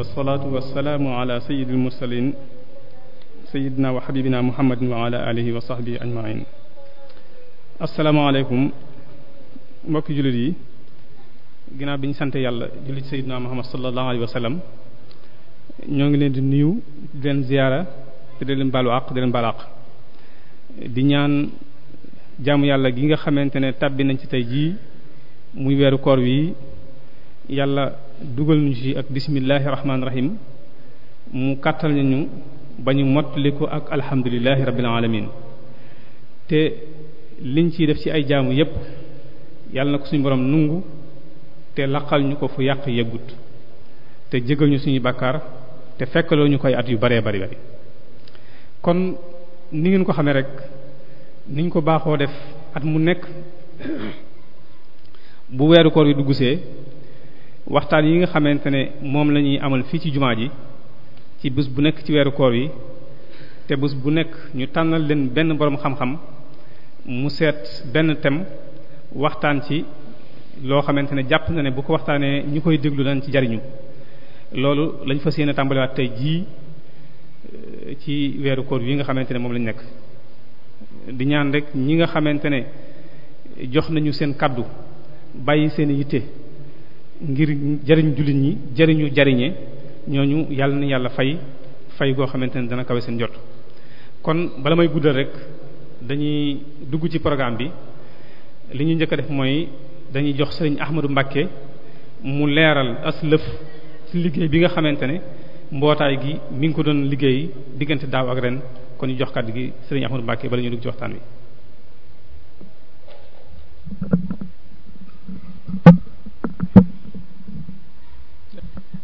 wasalaatu wasalaamu ala sayyidil mursalin sayyidina wa xabibina muhammadin wa ala alihi wa sahbihi ajmain asalaamaaleykum mbokki jullit yi ginnaaw bi ñu sant yàlla jullit sayyidina muhammad sallallahu alayhi wa sallam ñoo ngi leen di nuyu di leen ziyaara te di leen baalu di leen baalu di ñaan jaamu yàlla gi nga xamante ne tàbbi nañ ci tey jii muy weeru koor wi yàlla dugal ñu ci ak bismillahi rahmaani rahim mu kàttal ñu ba ñu mottali ko ak alhamdulillahi rabbil alamin te liñ ciy def ci ay jaamu yépp yàlla na ko suñu borom nungu te laqal ñu ko fu yàq yeggut te jégal ñu suñu bàkkaar te fekkaloo ñu koy at yu baree bari bari kon ni ngeen ko xamee rek niñ ko baaxoo def at mu nekk bu weeru koor yi duggsee waxtaan yi nga xamante ne moom lañuy amal fii ci jumaa ji ci bés bu nekk ci weeru koor yi te bés bu nekk ñu tànnal leen benn boroom xam-xam mu seet benn thème waxtaan ci loo xamante ne jàpp na ne bu ko waxtaanee ñu koy déglu dañ ci jariñu loolu lañ fas yéene tàmbaliwaat tey jii euh, ci weeru koor yi nga xamante ne moom lañ nekk di ñaan rek ñi nga xamante ne jox nañu seen kàddu bàyyi seen yitte ngir jariñ jullit ñi jariñu jariñe ñooñu yàlla na yàlla fay fay goo xamante ne dana kawe seen jot kon bala may guddal rek dañuy dugg ci programme bi li ñu njëkk a def mooy dañuy jox sëriñ Ahmadou Mbacké mu leeral as lëf ci liggéey bi nga xamante ne mbootaay gi mi ngi ko doon liggéey diggante daaw ak ren kon ñu jox kàddu gi sëriñ Ahmadou Mbacké bala ñu dugg ci waxtaan wi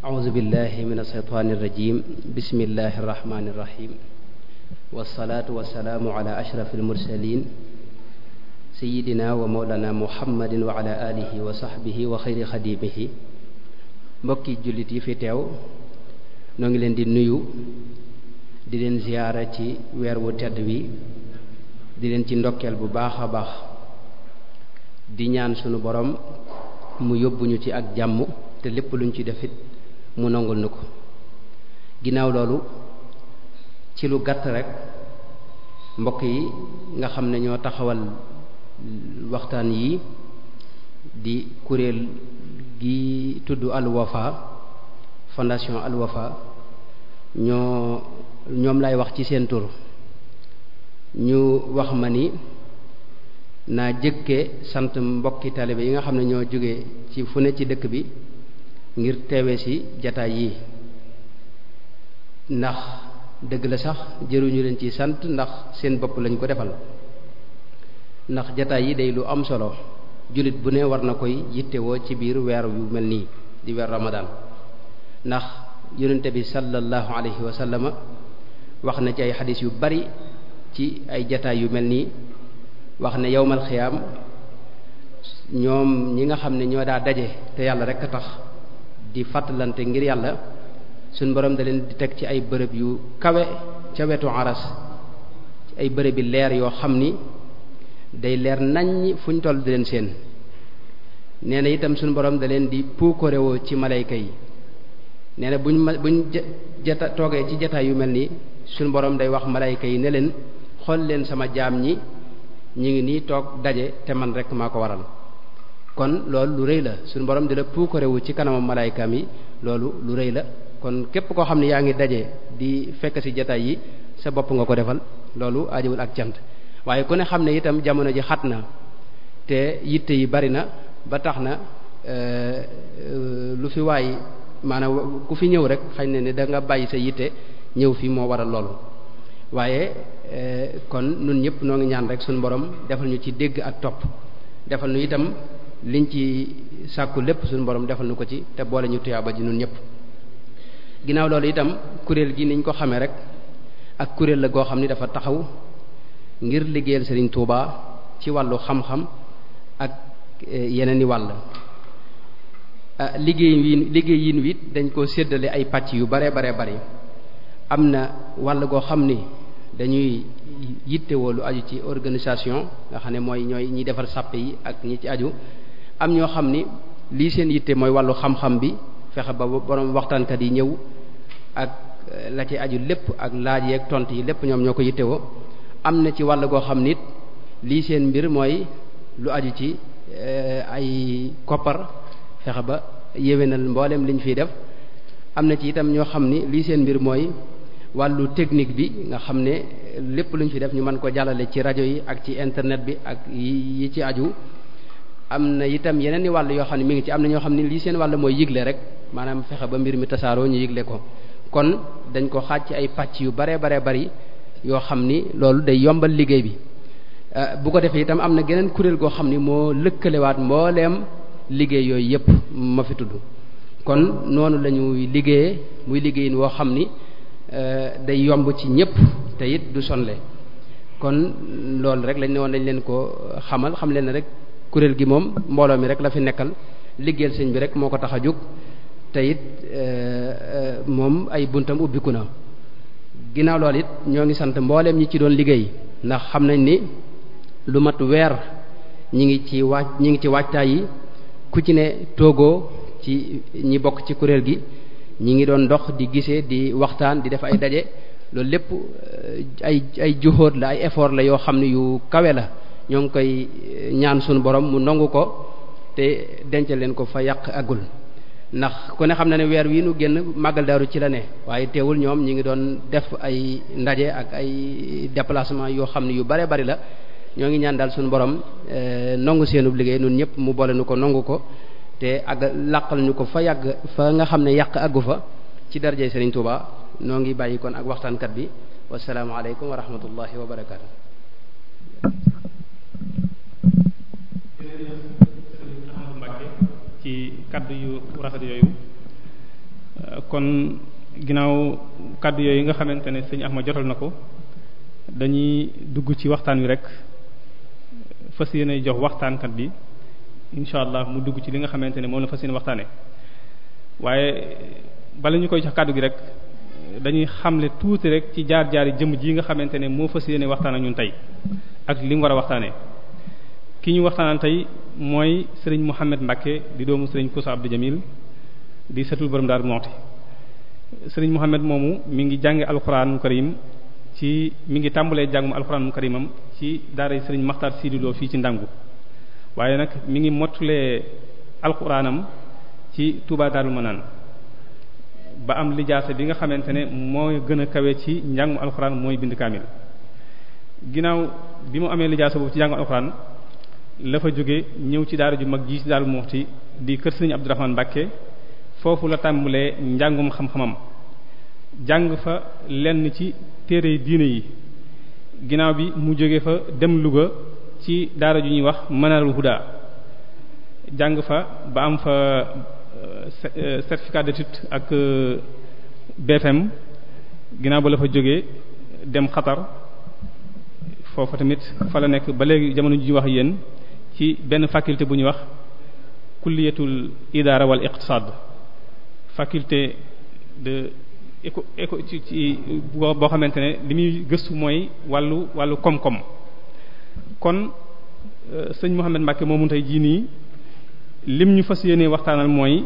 أعوذ بالله من الشيطان الرجيم بسم الله الرحمن الرحيم والصلاة والسلام على أشرف المرسلين سيدنا ومولانا محمد وعلى آله وصحبه وخير خديمه mbokki jullit yi fi teew noo ngi leen di nuyu di leen ziyaara ci weer wu tedd wi di leen ci ndokkeel bu baax a baax di ñaan sunu boroom mu yóbbuñu ci ak jàmm te lépp luñ ci defit mu nangul nu ko ginnaaw loolu ci lu gàtt rek mbokk yi nga xam ne ñoo taxawal waxtaan yi di kuréel gi tudd Al Wafa fondation Al Wafa ñoo ñoom lay wax ci seen tur ñu wax ma ni naa jëkke sant mbokki taalibe yi nga xam ne ñoo jóge ci fu ne ci dëkk bi ngir teewe si jataay yi ndax dëgg la sax jëruñu leen ci sant ndax seen bopp lañ ko defal ndax jataay yi day lu am solo jullit bu ne war na koy woo ci biir weer yu mel nii di weer ramadaan ndax yonente bi sallallahu alayhi wa sallama wax na ci ay xadis yu bari ci ay jataay yu mel nii wax ne yowmal xiyaam ñoom ñi nga xam ne ñoo daa daje te yàlla rekk a tax di fàttalante ngir yàlla suñ borom da leen di teg ci ay bërëb yu kawe ca wetu aras ci ay bërëbi leer yoo xam ni day leer naññ fu ñu toll di leen seen nee na itam suñ borom da leen di puukorewoo ci malayka yi nee na buñ ma buñ jata toogee ci jataay yu mel ni suñ borom day wax malayka yi ne leen xool leen sama jaam ñi ñu ngi nii toog daje te man rekk maa ko waral kon loolu lu rëy la suñu borom di la puukarewu ci kanamam malaaykaam yi loolu lu rëy la kon képp koo xam ne yaa ngi daje di fekk ci jataay yi sa bopp nga ko defal loolu ajowul ak cant waaye ku ne xam ne itam jamono ji xat na te yitte yi bari na ba tax na euh, euh, lu fi waay maanaam ku fi ñëw rek xañ ne ne da nga bàyyi sa yitte ñëw fi moo waral loolu waaye euh, kon nun ñëpp noo ngi ñaan rek suñu borom defal ñu ci dégg ak topp defal ñu itam liñ ci sàkku lépp suñu borom defal na ko ci te boole ñu tuyaaba ji nun ñëpp ginnaaw loolu itam kuréel gi niñ ko xamee rek ak kuréel la goo xam ni dafa taxaw ngir liggéeyal Serigne Touba ci wàllu xam-xam ak eh, yeneen i wàll ah, liggéey yi liggéey yin wit dañ koo séddale ay pàcc yu bare bare bari am na wàll goo xam ni dañuy yittewoo lu aju ci organisation nga xam ne mooy ñooy ñi defar sàppe yi ak ñi ci aju am ñoo xam ni lii seen yitte mooy wàllu xam-xam bi fexe ba borom waxtaankat yi ñëw ak eh, la ci aju lépp ak laaj yeeg tont yi lépp ñoom ñoo ko yittewoo am na ci wàll goo xam nit lii seen mbir mooy lu aju ci eh, ay koppar fexe ba yéwénal mboolem liñ fiy def am na ci itam ñoo xam ni lii seen mbir mooy wàllu technique bi nga xam ne lépp luñ fi def ñu mën ko jàllale ci rajo yi ak ci internet bi ak yi ci aju am na itam yeneen i wàll yoo xam ne mu ngi ci am na ñoo xam ne lii seen wàll mooy yëgle rek maanaam fexe ba mbir mi tasaaroo ñu yëgle ko kon dañ ko xaaj ay pàcc yu baree baree bari yoo xam ni loolu day yombal liggéey bi euh, bu ko defee itam am na geneen kuréel goo xam ni moo lëkkalewaat mbooleem liggéey yooyu yépp ma fi tudd kon noonu la ñuy muy liggéeyin woo xam ni euh, day yomb ci ñépp te it du sonle kon loolu rek lañ ne woon dañ leen ko xamal xam leen rek kuréel gi moom mbooloo mi rek la fi nekkal liggéey sëñ bi rek moo ko tax a jóg te it eh, eh, moom ay buntam ubbiku na ginnaaw loolu it ñoo ngi sant mbooleem ñi ci doon liggéey ndax xam nañ ni lu mat weer ñi ngi ci waaj ñi ngi ci waajtaay yi ku ci ne toogoo ci ñi bokk ci kuréel gi ñi ngi doon dox di gisee di waxtaan di def ay daje loolu lépp eh, ay ay juhóot la ay effort la yoo xam ne yu kawe la ñoo ngi koy eh, ñaan suñu borom mu nangu ko te dencal leen ko fa yàq agul ndax ku ne xam na ne weer wii nu génn màggal daaru ci la ne waaye teewul ñoom ñi ngi doon def ay ndaje ak ay déplacement yoo xam ne yu bare bari la ñoo ngi ñaan daal suñu borom eh, nangu seenub liggéey nun ñëpp mu boole nu ko nangu ko te ak làqal ñu ko fa yàgg fa nga xam ne yàq aggu fa ci darajey Serigne Touba noo ngi bàyyi kon ak waxtaankat bi wasalaamualeykum wa rahmatullahi wa barakaatu kaddu yu rafet yooyu kon ginnaaw kaddu yooyu nga xamante ne sëñ ma jotal na ko dañuy dugg ci waxtaan wi rek fas yéene jox waxtaankat bi incha allah mu dugg ci li nga xamante ne moom la fas yéene waxtaane waaye bala ñu koy jox kaddu gi rek dañuy xamle tuuti rek ci jaar jaari jëm ji nga xamante ne moo fas yéene waxtaan ak ñun tey ak li war a waxtaanee. ki ñu waxtaanal tey mooy sëriñ Mouhamed Mbacke di doomu sëriñ Kousa Abdou Jamil di borom Darou Moukhty sëriñ Mouhamed moomu mi ngi jànge alxuraanu karim ci mi ngi tàmbalee jàngum alxuraanu karimam ci daara sëriñ Makhtar Sidiloo fii ci ndàngu waaye nag mi ngi mottulee alxuraanam ci Touba Darou Manane ba am lijaasa bi nga xamante ne mooy gën a kawe ci njàngum alxuraan mooy bind kaamil ginnaaw bi mu amee lijaasa boobu ci njàngum alxuraan la fa jóge ñëw ci daara ju mag ji ci Daaru Muxti di kër Sëriñ Abdourahmane Mbacké foofu la tàmbalee njàngum xam-xamam jàng fa lenn ci téere diine yi ginnaaw bi mu jóge fa dem Louga ci daara ju ñuy wax Manarul Huda jàng fa ba am fa euh, euh, certificat d'études ak euh, ba la fa jógee dem Qatar foofa tamit fa la nekk ba léegi jamono ji wax yéen ci benn faculté bu ñuy wax kulliyatul idaara wal iqtisaad faculté de éco éco ci ci boo xamante ne li muy gëstu mooy wàllu wàllu koom-koom kon euh, sëñ Mouhamed Mbacke moomu tey jii nii lim ñu fas yéenee waxtaanal mooy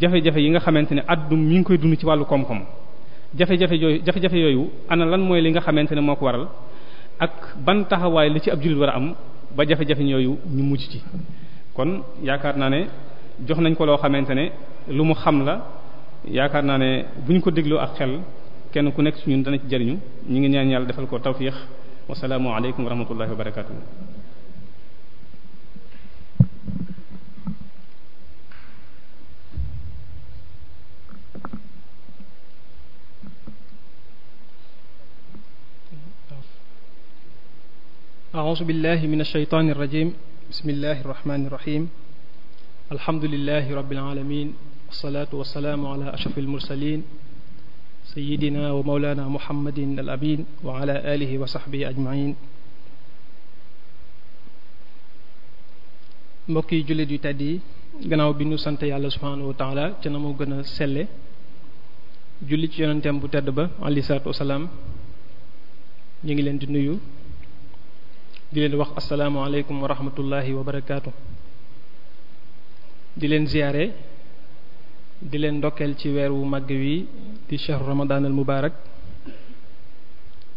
jafe-jafe yi nga xamante ne àddum mi ngi koy dund ci wàllu koom-koom jafe-jafe yooyu jafe ana lan mooy li nga xamante ne moo ko waral ak ban taxawaay li ci ab jullit war a am ba jafe-jafe yooyu ñu mujj ci kon yaakaar naa ne jox nañ ko loo xamante ne lu mu xam la yaakaar naa ne bu ñu ko dégloo ak xel kenn ku nekk suñu dana ci jariñu ñu ngi ñaan yàlla defal ko tawfiix wasalaamu aleykum wa rahmatullahi wa barakatuh أعوذ بالله من الشيطان الرجيم بسم الله الرحمن الرحيم الحمد لله رب العالمين والصلاة والسلام على أشرف المرسلين سيدنا ومولانا محمد الأمين وعلى آله وصحبه أجمعين mbokki jullit yu tedd yi gannaaw bi ñu sant yàlla subhaanahu wa taala mu gën a selle julli ci bu tedd ba alayhi salaatu wasalaam ñu ngi leen di nuyu di leen wax asalaamaaleykum wa rahmatullahi wa barakaatu di leen ziyaare di leen ndokkeel ci weer wu màgg wi di shahru ramadan al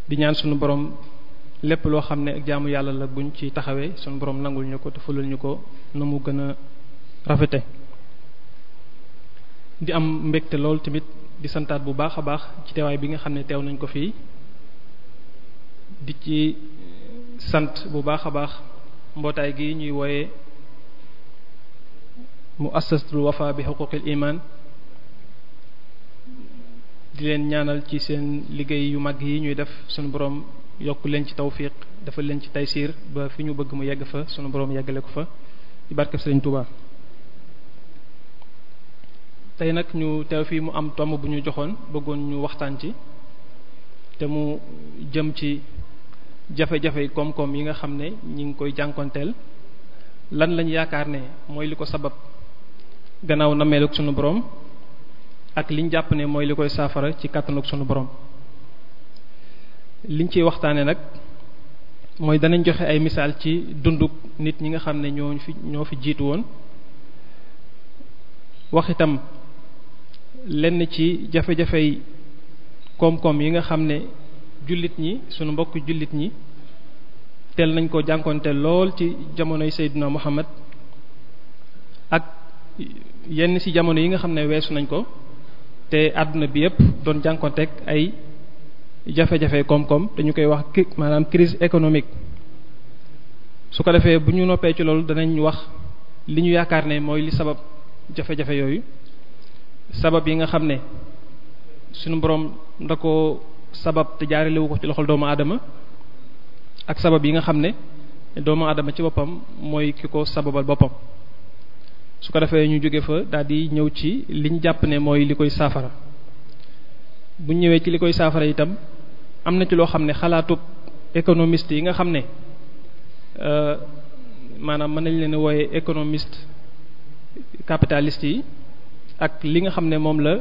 di ñaan sunu boroom lépp loo xam ne ak jaamu yàlla la buñ ci taxawee sunu boroom nangul ñu ko te fulal ñu ko na mu gën a rafete di am mbégte lool tamit di santaat bu baax a baax ci teewaay bi nga xam ne teew nañ ko fii di ci sant bu baax a baax mbootaay gi ñuy wooyee muassasatul wafa bi xuquqil imaan di leen ñaanal ci seen liggéey yu mag yi ñuy def sunu boroom yokk leen ci tawfiq dafa leen ci taysiir ba fi ñu bëgg mu yegg fa sunu boroom yeggale ko fa ci barke Sëriñ Tuubaa tey nag ñu teew fii mu am tomb bu ñu joxoon bëggoon ñu waxtaan ci te mu jëm ci jafe-jafe koom-koom yi nga xam ne ñi ngi koy jànkonteel lan lañ yaakaar ne mooy li ko sabab gannaaw nameel ak sunu borom ak liñ jàpp ne mooy li koy saafara ci kàttanu ak sunu borom liñ ci waxtaane nag mooy danañ joxe ay misaal ci dunduk nit ñi nga xam ne ñoo fi ñoo fi jiitu woon waxitam lenn ci jafe-jafey koom-koom yi nga xam ne jullit ñi sunu mbokk jullit ñi teel nañ ko jànkoonte lool ci jamonoy Seydina Muhammad ak yenn ci jamono yi nga xam ne weesu nañ ko te àdduna bi yépp doon jànkoonteeg ay jafe-jafe koom-koom dañu koy wax maanaam crise économique su ko defee bu ñu noppee ci loolu danañ wax li ñu yaakaar ne mooy li sabab jafe-jafe yooyu sabab yi nga xam ne sunu boroom da sabab te jaarale wu ko ci loxol doomu adama ak sabab yi nga xam ne doomu aadama ci boppam mooy ki ko sababal boppam su ko defee ñu jóge fa daal di ñëw ci liñ jàpp ne mooy li koy saafara bu ñëwee ci li koy saafara itam am na ci loo xam ne xalaatub économiste yi nga xam ne euh, maanaam mën nañ leen wooye économiste capitaliste yi ak li nga xam ne moom la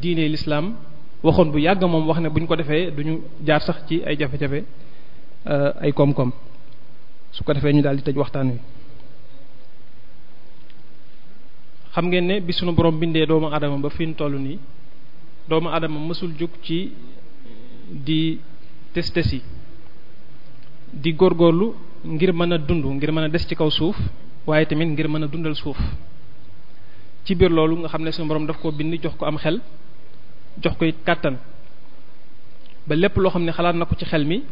diine lislaam waxoon bu yàgg moom wax ne bu ñu ko defee duñu jaar sax ci ay jafe-jafe euh, ay koom-koom su ko defee ñu daal di tëj waxtaan wi xam ngeen ne bi sunu borom bindee doomu aadama ba fi ñu toll nii doomu aadama mësul jóg ci di tes tes yi di góorgóorlu ngir mën a dund ngir mën a des ci kaw suuf waaye tamit ngir mën a dundal suuf ci biir loolu nga xam ne sunu borom daf koo bind jox ko am xel jox ko it kàttan ba lépp loo xam ne xalaat na ko ci xel mi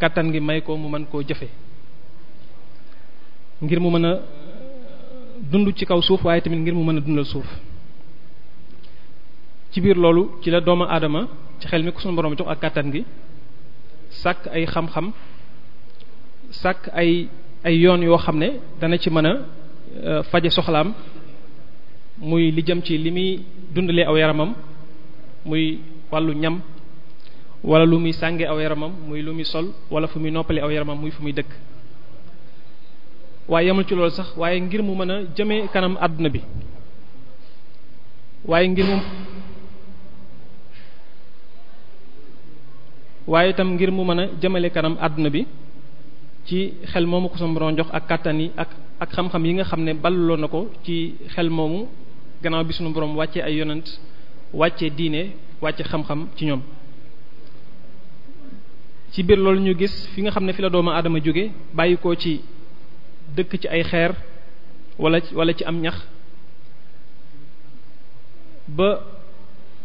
kàttan gi may ko mu mën koo jëfe ngir mu mën a dund ci kaw suuf waaye tamit ngir mu mën a dundal suuf ci biir loolu ci la doomu aadama ci xel mi ko sunu borom jox ak kàttan gi sàkk ay xam-xam sàkk ay ay yoon yoo xam ne dana ci mën a euh, faje soxlaam muy li jëm ci li muy dundalee aw yaramam muy wàllu ñam wala lu muy sànge aw yaramam muy lu muy sol wala fu muy noppale aw yaramam muy fu muy dëkk waaye yemul ci loolu sax waaye ngir mu mën a jëmee kanam àdduna bi waaye ngir waaye itam ngir mu mën a jëmale kanam àdduna bi ci xel moomu ko sa borom jox ak kàttan yi ak ak xam-xam yi nga xam ne balluloo na ko ci xel moomu gannaaw bi sunu borom wàccee ay yonant wàcce diine wàcce xam-xam ci ñoom ci biir loolu ñu gis fi nga xam ne fi la doomu aadama jóge bàyyi ko ci dëkk ci ay xeer walla walla ci am ñax ba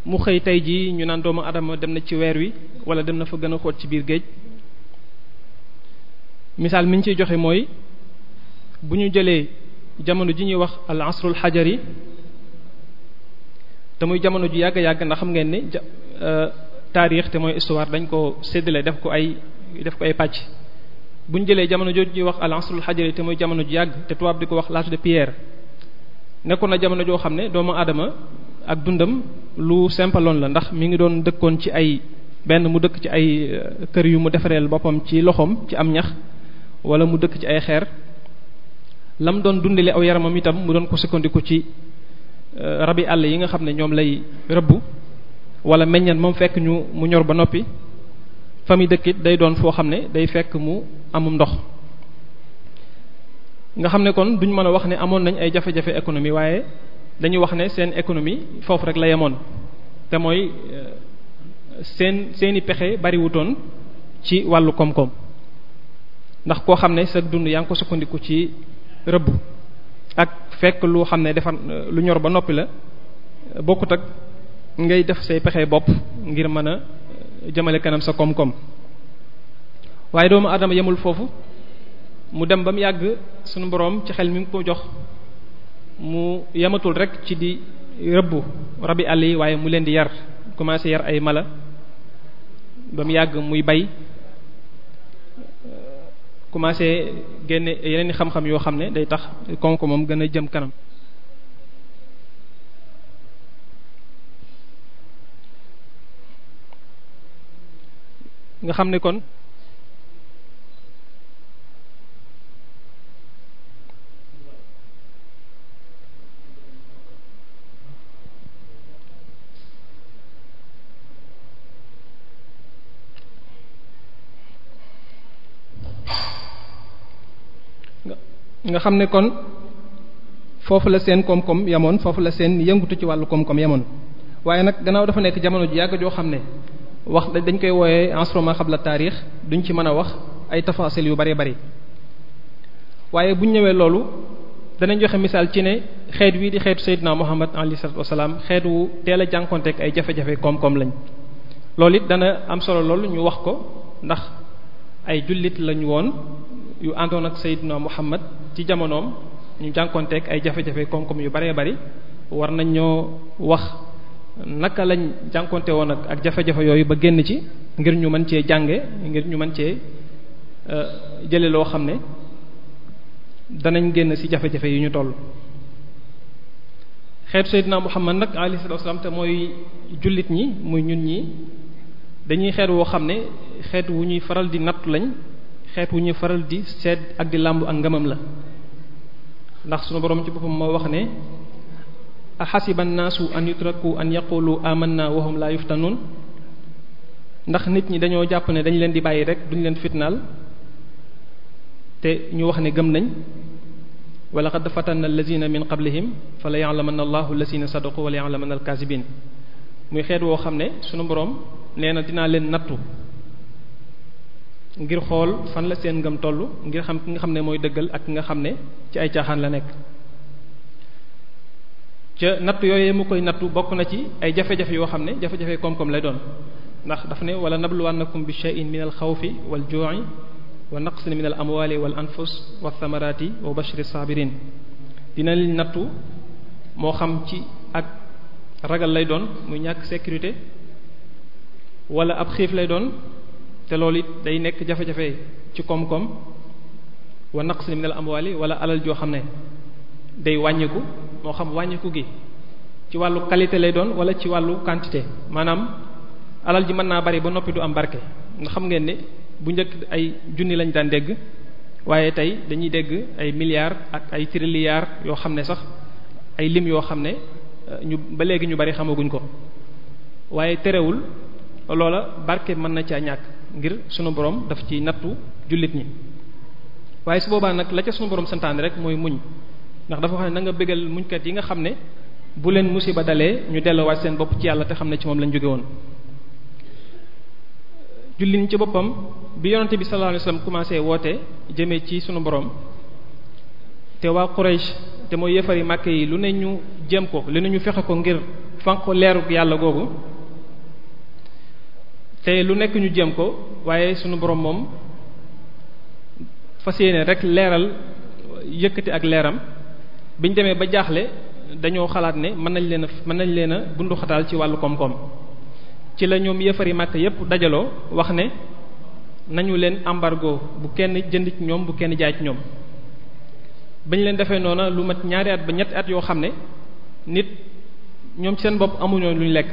mu xëy tey jii ñu naan doomu aadama dem na ci weer wi wala dem na fa gën a xóot ci biir géej misaal mi ñu ciy joxe mooy bu ñu jëlee jamono ji ñuy wax al asrul xajari te jamono ju yàgg yàgg ndax xam ngeen ni euh, taarix te mooy histoire dañ ko séddale def ko ay def ko ay pàcc bu jëlee jamono jooju ñuy wax al asrul xajari te muy jamono ju yàgg te tubaab di ko wax l'âge de pierre nekkoon a jamono joo xam ne doomu aadama ak dundam lu sempaloon la ndax mi ngi doon dëkkoon ci ay benn mu dëkk ci ay euh, kër yu mu defareel boppam ci loxoom ci am ñax wala mu dëkk ci ay xeer lam doon dundalee aw yaramam itam mu doon ko sukkandiku ci Euh, rabi àll yi nga xam ne ñoom lay rëbb wala meññan moom fekk ñu mu ñor ba noppi fa muy day doon foo xam ne day fekk mu amum ndox nga xam ne kon duñ mën a wax ne amoon nañ ay jafe-jafe économie waaye dañuy wax ne seen économie foofu rek la yemoon te mooy euh, seen seeni pexe bariwutoon ci wàllu koom-koom ndax koo xam ne sa dund yaa ngi ko sukkandiku ci rëbb ak fekk lu xam ne defar lu ñor ba noppi la bokkut ak ngay def say pexe bopp ngir mën a jëmale kanam sa koom-koom waaye doomu aadama yemul foofu mu dem ba mu yàgg sunu boroom ci xel mi ngi ko jox mu yematul rek ci di rëbb rabi àll yi waaye mu leen di yar commencé yar ay mala ba mu yàgg muy bay commencé génne yeneen i xam-xam yoo xam ne day tax konko moom gën a jëm kanam nga xam ne kon nga xam ne kon foofu la seen koom-koom yamoon foofu la seen yëngutu ci wàllu koom-koom yamoon waaye nag gannaaw dafa nekk jamono ji yàgg joo xam ne wax dañ koy wooyee instrument xabla taarix duñ ci mën a wax ay tafasil yu bari bari waaye buñ ñëwee loolu danañ joxe misaal ci ne xeet wii di xeetu Seydina Muhammad alayhi salaatu wasalaam xeet wu teel a jànkonteeg ay jafe-jafe koom-koom lañ loolu it dana am solo loolu ñu wax ko ndax ay jullit lañu woon yu àndoon ak Seydina Muhammad ci jamonoom ñu jànkonteeg ay jafe-jafe koom-koom yu baree bari war nañ ñoo wax naka lañ jànkonte woon ak ak jafe-jafe yooyu ba génn ci ngir ñu mën cee jànge ngir ñu mën cee euh, jële loo xam ne danañ génn ci jafe-jafe yi ñu toll xeetu Seydina Muhammad nag alayhi salaatu wasalaam te mooy jullit ñi muy ñun ñi dañuy xeet woo xam ne xeet wu ñuy faral di nattu lañ xeet wu ñuy faral di sedd ak di làmb ak ngamam la ndax sunu boroom ci boppam moo wax ne ahasiba naasu an yutraku an yaqulu amanna waxum hum la yuftanun ndax nit ñi dañoo jàpp ne dañ leen di bàyyi rek duñ leen fitnaal te ñu wax ne gëm nañ wa laqad na allazina min qablihim fala ya'lamanna allahu allazina sadaqu wa la ya'lamanna alkaasibin muy xeet woo xam ne sunu boroom nee na dinaa leen nattu ngir xool fan la seen ngëm toll ngir xam ki nga xam ne mooy dëggal ak ki nga xam ne ci ay caaxaan la nekk ca nattu yooyee mu koy nattu bokk na ci ay jafe-jafe yoo xam ne jafe-jafe koom-koom lay doon ndax daf ne wala nabluwannakum bi shay'in min al xawfi wal ju'i wa naqsin min al amwali wal anfus wa thamarati wa bashiri sabirin dina leen nattu moo xam ci ak ragal lay doon muy ñàkk sécurité wala ab xiif lay doon te loolu it day nekk jafe-jafe ci koom-koom wa naqsin min al amwali wala alal joo xam ne day wàññiku moo xam wàññiku gi ci wàllu qualité lay doon wala ci wàllu quantité maanaam alal ji mën naa bari ba noppi du am barke nga xam ngeen ne bu njëkk ay junni lañ daan dégg waaye tey dañuy dégg ay milliards ak ay trilliards yoo xam ne sax ay lim yoo xam ne euh, ñu ba léegi ñu bari xamaguñ ko waaye terewul loola barke mën na caa ñàkk ngir sunu borom daf ci nattu jullit ñi waaye su boobaa nag la ca sunu borom santaane rek mooy muñ ndax dafa wax ne na nga bégal muñkat yi nga xam ne bu leen musiba dalee ñu delloowaat seen bopp ci yàlla te xam ne ci moom lañ jóge woon. jullit ñi ci boppam bi yonente bi sallallahu alayhi wasallam commencé woote jëmee ci sunu boroom te waa Quraysh te mooy yëfari màkk yi lu ne ñu jëm ko lu ne ñu fexe ko ngir fànq leeru yàlla googu. te lu nekk ñu jéem ko waaye suñu boroom moom fas yéene rekk leeral yëkkati ak leeram bi ñu demee ba jaaxle dañoo xalaat ne mën nañ leen mën nañ leen a bunduxataal ci wàllu koom-koom ci la ñoom yëfari màkk yépp dajaloo wax ne nañu leen embargo bu kenn jënd ci ñoom bu kenn jaay ci ñoom bañ leen defee noona lu mat ñaari at ba ñetti at yoo xam ne nit ñoom ci seen bopp amuñoo luñ lekk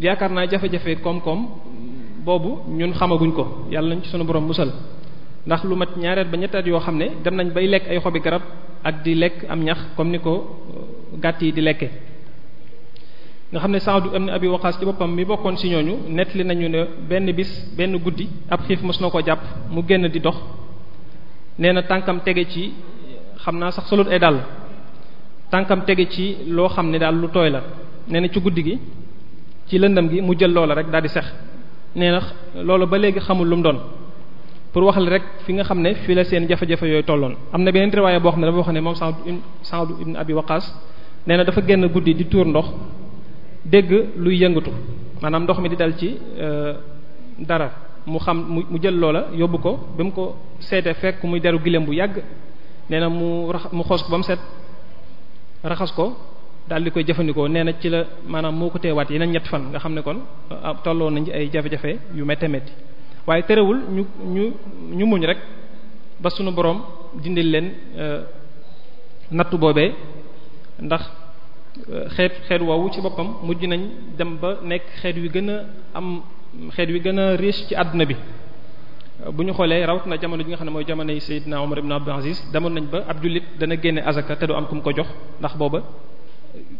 yaakaar naa jafe-jafe koom-koom boobu ñun xamaguñ ko yàlla nañ ci sunu borom musal ndax lu mat ñaareel ba ñettaat yoo xam ne dem nañ bay lekk ay xobi garab ak di lekk am ñax comme ni ko euh, gàtt yi di lekke nga xam ne Saadu ibn Abi Waqaas ci boppam mi bokkoon ci ñooñu nettali nañu ne benn bis benn guddi ab xiif mos jàpp mu génn di dox nee na tànkam tege ci xam naa sax solut ay dàll tànkam tege ci loo xam ne daal lu tooy la nee na ci guddi gi ci lëndam gi mu jël loola rek daal di sex nee na loolu ba léegi xamul lu mu doon pour wax la rek fi nga xam ne fii la seen jafe-jafe yooyu tolloon am na beneen riwaaya boo xam ne dafa wax ne moom Sa'd Sa'd ibn Abi Waqqas nee na dafa génn guddi di tuur ndox dégg luy yëngatu maanaam ndox mi di dal ci euh, dara mu xam mu jël loola yóbbu ko ba mu ko seete fekk muy deru giléem bu yàgg nee na mu rax mu xos ko ba mu set raxas ko daal di koy jëfandikoo nee na ci la maanaam moo ko yi yeneen ñett fan nga xam ne kon ah, tolloo nañ ci ay jafe-jafe yu métti métti waaye terewul ñu ñu ñu muñ rek ba sunu boroom dindil leen euh, nattu boobee ndax euh, xeet xeet woowu ci boppam mujj nañ dem ba nekk xeet wi gën a am xeet wi gën a riche ci àdduna bi bu ñu xoolee rawat na jamono ji nga xam ne mooy jamono yi na Omar ibn Abdul Aziz demoon nañ ba ab jullit dana génne azaka te du am ku mu ko jox ndax booba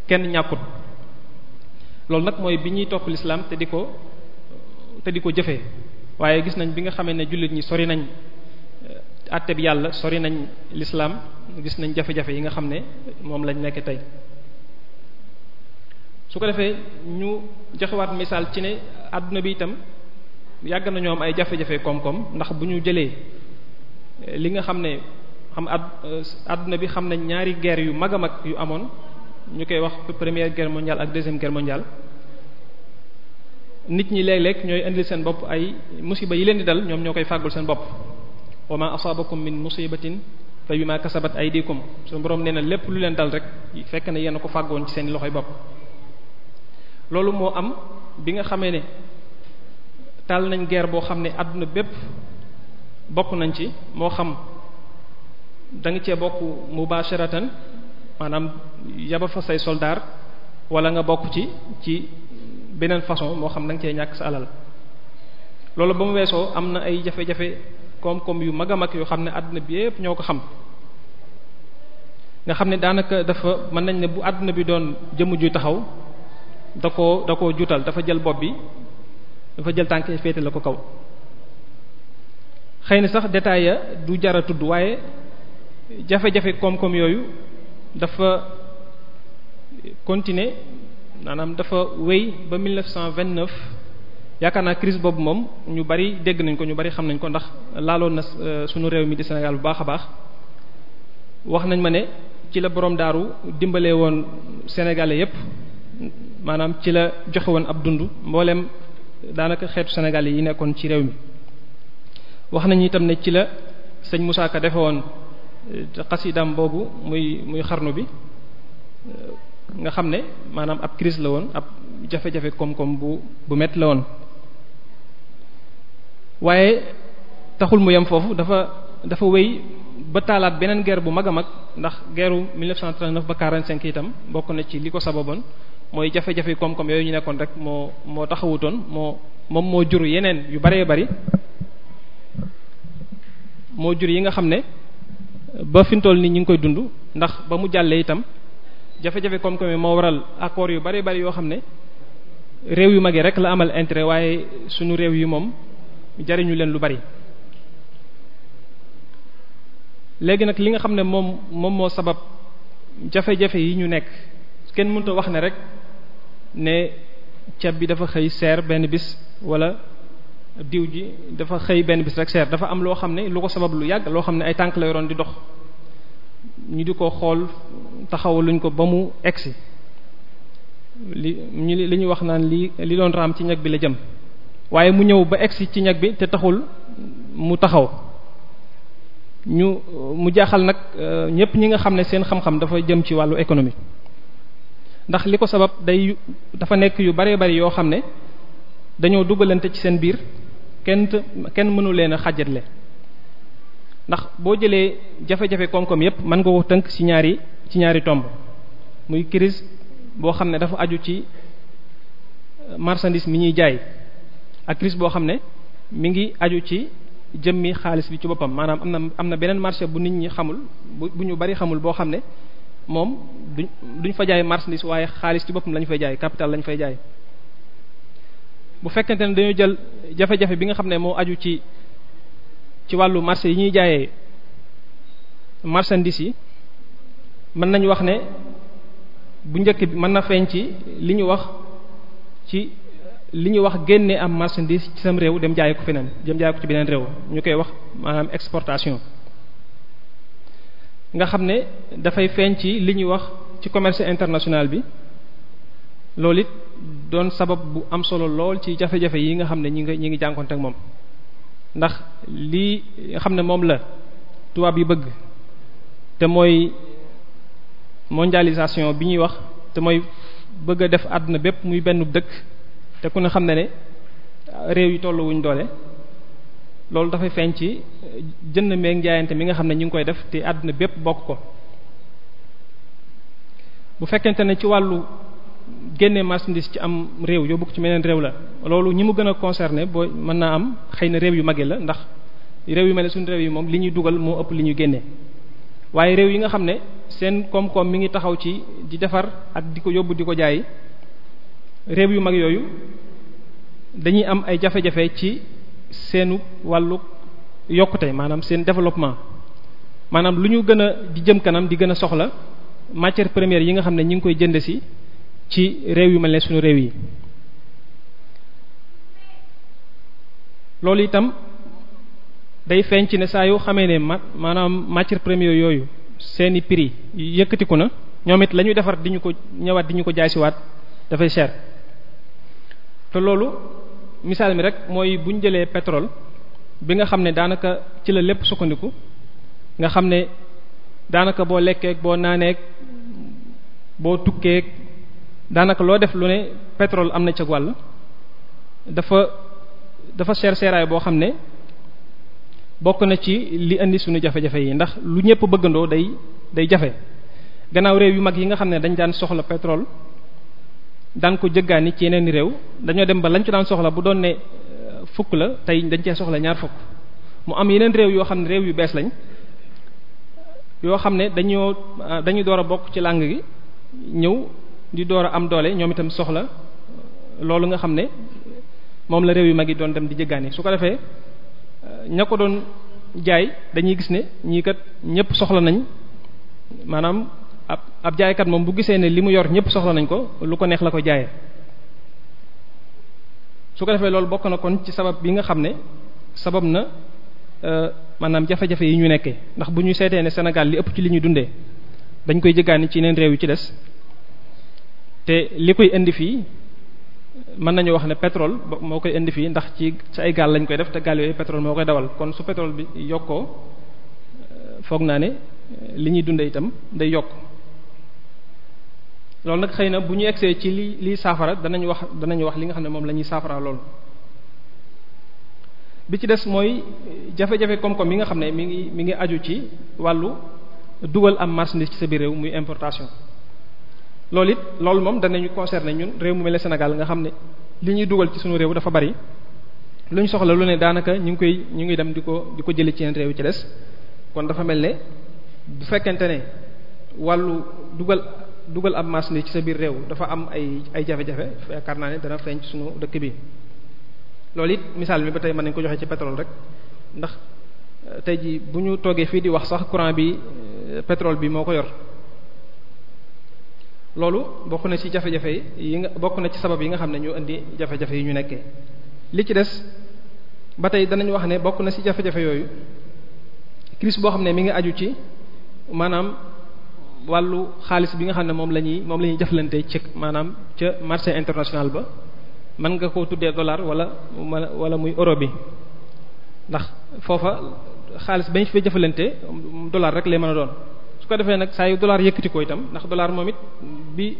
kenn ñàkkut loolu nag mooy bi ñuy topp lislaam te di ko te di ko jëfee waaye gis nañ bi nga xamee ne jullit ñi sori nañ eh, àtte bi yàlla sori nañ lislaam gis nañ jafe-jafe yi nga xam ne moom lañ nekk tey su ko defee ñu joxewaat misaal ci ne àdduna bi itam yàgg na ñoom ay jafe-jafe koom-koom ndax bu ñu jëlee eh, li nga xam ne xam eh, àdduna bi xam nañ ñaari guerre yu mag a mag yu amoon ñu koy wax première guerre mondiale ak deuxième guerre mondiale nit ñi léeg lekk ñooy indil seen bopp ay musiba yi leen di dal ñoom ñoo koy fàggul seen bopp wa ma asabakum min musibatin fa bima kasabat aydikum suñu boroom nee na lépp lu leen dal rek fekk na yéen ko fàggoon ci seen loxoy bopp loolu moo am bi nga xamee ne tàll nañ guerre boo xam ne àdduna bépp bokk nañ ci moo xam danga nga cee bokk mubasharatan maanaam yabal fa say soldaar wala nga bokk ci ci beneen façon moo xam ne nga cee ñàkk sa alal loolu ba mu weesoo am na ay jafe-jafe koom-koom yu mag a mag yoo xam ne àdduna bi yépp ñoo ko xam nga xam ne daanaka dafa mën nañ ne bu àdduna bi doon jëmm ju taxaw da ko da koo juutal dafa jël bopp bi dafa jël tànk féete la ko kaw xëy na sax détail ya du jara tudd waaye jafe-jafe koom-koom yooyu dafa continuer maanaam dafa wéy ba 1929 yaakaar naa crise boobu moom ñu bari dégg nañ ko ñu bari xam nañ ko ndax laaloon na euh, sunu réew mi di Sénégal bu baax a baax wax nañ ma ne ci la borom daaru dimbalee woon sénégalais yépp maanaam ci la joxe ab dund mbooleem daanaka xeetu sénégalais yi nekkoon ci réew mi wax nañ itam ne ci la sëñ Moussa Ka woon te euh, xasidaam boobu muy muy xarnu bi euh, nga xam ne maanaam ab crise la woon ab jafe-jafe koom-koom bu bu metti la woon waaye taxul mu yam foofu dafa dafa wéy ba taalaat beneen guerre bu mag a mag ndax guerre 1939 ba 45 itam bokk na ci li ko sababoon mooy jafe-jafe koom-koom yooyu ñu nekkoon rek moo moo taxawutoon moo moom moo jur yeneen yu baree bari moo jur yi nga xam ne ba fi mu toll nii ñu ngi koy dund ndax ba mu jàllee itam jafe-jafe koom-koom moo waral accords yu bari bari yoo xam ne réew yu mag yi rek la amal intérêt waaye suñu réew yi moom jariñu leen lu bari. léegi nag li nga xam ne moom moom moo sabab jafe-jafe yi ñu nekk kenn mënta wax ne rek ne ceeb bi dafa xëy seer benn bis wala. diw ji dafa xëy benn bis rek seer dafa am loo xam ne lu ko sabab lu yàgg loo xam ne ay tànk la yoroon di dox ñu di ko xool taxawaluñ ko ba mu egsi li ñu li ñu wax naan li li doon raam ci ñag bi la jëm waaye mu ñëw ba egsi ci ñag bi te taxul mu taxaw ñu mu jaaxal nag euh, ñépp ñi nga xam ne seen xam-xam dafa jëm ci wàllu économie ndax li ko sabab day dafa nekk yu bare bari yoo xam ne dañoo dugalante ci seen biir kenn kenn mënu leen a xàjjatle ndax boo jëlee jafe-jafe koom-koom yépp mën nga ko tënk ci ñaari ci ñaari tomb muy crise boo xam ne dafa aju ci euh, marchandise mi ñuy jaay ak crise boo xam ne mi ngi aju ci jëmmi xaalis bi ci boppam maanaam am na am na beneen marché bu nit ñi xamul bu bu ñu bari xamul boo xam ne moom duñ duñ fa jaay marchandise waaye xaalis ci boppam lañu fay jaay capital lañ fay jaay. bu fekkente ne dañu jël jafe-jafe bi nga xam ne moo aju ci ci wàllu marché yi ñuy jaaye marchandise yi mën nañu wax ne bu njëkk bi mën na feeñ ci li ñu wax ci li ñu wax génne am marchandise ci sam réew dem jaay ko feneen dem jaay ko ci beneen réew ñu koy wax maanaam exportation nga xam ne dafay feeñ ci li ñuy wax ci commerce international bi loolu doon sabab bu am solo lool ci jafe-jafe yi nga xam ne ñi ngi ñi ngi jànkonte ak moom ndax lii xam ne moom la tubaab yi bëgg te mooy mondialisation bi ñuy wax te mooy bëgg a def àdduna bépp muy benn dëkk te ku ne xam ne ne réew yi tolluwuñ doole loolu dafay feeñ ci jënd meeg njaayante mi nga xam ne ñu ngi koy def te àdduna bépp bokk ko bu fekkente ne ci wàllu génnee marchandise ci am réew yóbbu ko ci meneen réew la loolu ñi mu gën a concerné boo mën naa am xëy na réew yu mag la ndax réew yu mel ne suñu réew yi moom li ñuy dugal moo ëpp li ñuy génnee waaye réew yi nga xam ne seen koom-koom mi ngi taxaw ci di defar ak di ko yóbbu di ko jaay réew yu mag yooyu dañuy am ay jafe-jafe ci seenu wàllu yokkute maanaam seen développement maanaam lu ñu gën a di jëm kanam di gën a soxla matière première yi nga xam ne ñi ngi koy jënd si ci réew yu mel ne suñu réew yi loolu itam day feeñ ci ne saa yoo xamee ne ma maanaam matière premier yooyu seeni prix yëkkatiku na ñoom it la ñuy defar di ñu ko ñëwaat di ñu ko jaay siwaat dafay cher te loolu misaal mi rek mooy bu jëlee pétrole bi nga xam ne daanaka ci la lépp sukkandiku nga xam ne daanaka boo lekkeek boo naaneek boo tukkeek daanaka loo def lu ne pétrole am na ca wàll dafa dafa seer seeraay boo xam ne bokk na ci li indi suñu jafe-jafe yi ndax lu ñëpp bëggandoo day day jafe gannaaw réew yu mag yi nga xam ne dañ daan soxla pétrole daan ko jëggaani ci yeneen réew dañoo dem ba lañ ci daan soxla bu doon ne euh, fukk la tey dañ cee soxla ñaar fukk mu am yeneen réew yoo xam ne réew yu bees lañ yoo xam ne dañoo dañu door a bokk ci làng gi ñëw di door a am doole ñoom itam soxla loolu nga xam ne moom la réew yu mag yi doon dem di jëggaani su ko defee euh, ña ko doon jaay dañuy gis ne ñiikat kat ñépp soxla nañ maanaam ab jaaykat moom bu gisee ne li mu yor ñépp soxla nañ ko lu ko neex la ko jaayee su ko defee loolu bokk na kon ci sabab bi nga xam ne sabab na euh, maanaam jafe-jafe yi ñu nekkee ndax bu ñu seetee ne senegal li ëpp ci li ñuy dundee dañ koy jëggaani ci yeneen réew yu ci des te li koy indi fii mën nañu wax ne pétrole moo koy indi fii ndax ci ci ay gaal lañ koy def te gaal yooyu pétrole moo koy dawal kon su pétrole bi yokkoo euh, foog naa ne euh, li ñuy dundee itam day yokk loolu nag xëy na bu ñu egsee ci li liy saafara danañ wax danañ wax li nga xam ne moom lañuy ñuy saafara loolu bi ci des mooy euh, jafe-jafe koom-koom yi nga xam ne mi ngi mi ngi aju ci wàllu dugal am marchandise ci sa biir réew muy importation loolu it loolu moom danañu concerner ñun réew mu mel ne Sénégal nga xam ne li ñuy dugal ci suñu réew dafa bari lu ñu soxla lu ne daanaka ñu ngi koy ñu ngi dem di ko di ko jëlee ci yenn réew ci des kon dafa mel ne bu fekkente ne wàllu dugal dugal ab marchandise ci sa biir réew dafa am ay ay jafe-jafe yaakaar naa ne dana feeñ ci sunu dëkk bi. loolu it misaal mi ba tey mën nañu ko joxee ci pétrole rek ndax euh, tey jii bu ñu toogee fii di wax sax courant bi euh, pétrole bi moo ko yor. loolu bokk na ci jafe-jafe yi nga bokk na ci sabab yi nga xam ne ñu indi jafe-jafe yi ñu nekkee li ci des ba tey danañ wax ne bokk na ci jafe-jafe yooyu crise boo xam ne mi ngi aju ci maanaam wàllu xaalis bi nga xam ne moom la ñuy moom la ñuy jëflante ci maanaam ca marché international ba mën nga koo tuddee dollar wala wala muy euro bi ndax foofa xaalis bañ fi jëflante dollar rek lay mën a doon su ko defee nag saa yu dollar yëkkati ko itam ndax dollar moom it bi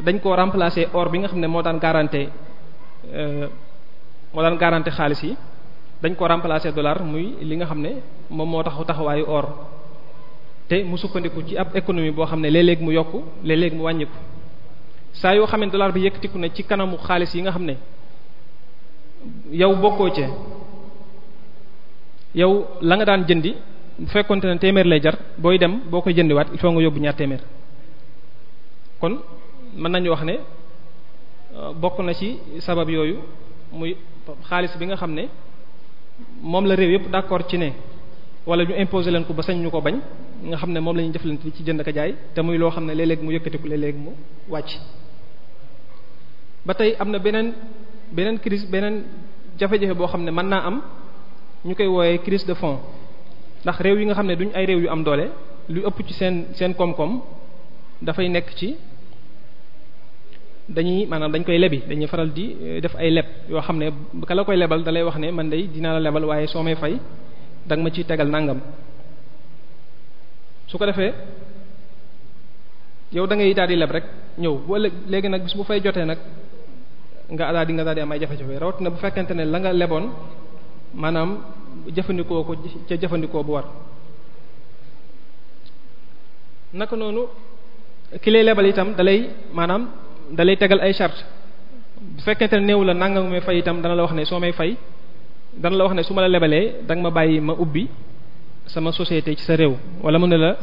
dañ koo remplacer or bi nga xam ne moo daan garantie euh, moo daan garantie xaalis yi dañ ko remplacer dollar muy li nga xam ne moom moo taxu taxawaayu or te mu sukkandiku ci ab économie boo xam ne léeg-léeg mu yokk léeg-léeg mu wàññiku saa yoo xam ne dollar bi yëkkatiku na ci kanamu xaalis yi nga xam ne yow bokkoo ci yow la nga daan jëndi bu fekkonte ne téeméer lay jar booy dem boo koy jëndiwaat il faut nga yóbbu ñaar téeméer kon mën nañu wax ne euh, bokk na ci sabab yooyu muy xaalis bi nga xam ne moom la réew yëpp d'accord ci ne wala ñu imposer leen ko ba sañ ñu ko bañ nga xam ne moom la ñuy jëflante ci jënd ka jaay te muy loo xam ne léeg-léeg mu yëkkatiku léeg-léeg mu wàcc. ba tey am na beneen beneen crise beneen jafe-jafe boo xam ne mën naa am ñu koy wooyee crise de fonds. ndax réew yi nga xam ne duñ ay réew yu am doole lu ëpp ci seen seen koom-koom dafay nekk ci dañuy maanaam dañ koy lebi dañuy faral di eh, def ay leb yoo xam ne ka koy lebal dalay wax ne man dey dinaa la lebal waaye soo may fay danga ma ciy tegal nangam su ko defee yow da ngay daal di leb rek ñëw bu ëllëg léegi nag bis bu fay jotee nag nga daal di nga daal di am ay jafe-jafe rawatina bu fekkente ne la nga leboon maanaam. jëfandikoo ko ca jëfandikoo bu war naka noonu ki lay lebal itam dalay maanaam dalay tegal ay charte bu fekkente ne la nanga may fay itam dana la wax ne soo may fay dana la wax ne su ma la lebalee danga ma bàyyi ma ubbi sama société ci sa réew wala mën na la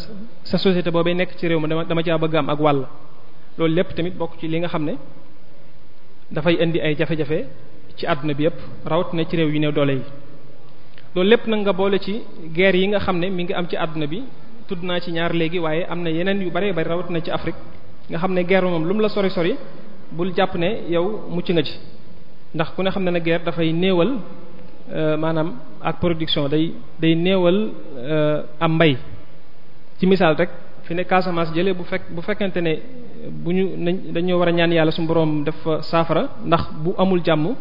sa société boobee nekk ci réew ma dama dama caa bëgg am ak wàll loolu lépp tamit bokk ci li nga xam ne dafay indi ay jafe-jafe ci àdduna bi yépp rawat na ci réew yu néew doole yi loolu lépp nag nga boole ci guerre yi nga xam ne mi ngi am ci àdduna bi tudd naa ci ñaar léegi waaye am na yeneen yu bare bari rawatina ci Afrique nga xam ne guerre moom lu mu la sori sori bul jàpp ne yow mucc nga ci ndax ku ne xam ne na guerre dafay néewal euh, maanaam ak production day day néewal euh, am mbay ci misaal rek fi ne Casamance jëlee bu fekk bu fekkente ne bu ñu nañ dañoo war a ñaan yàlla suñu boroom def saafara ndax bu amul jàmm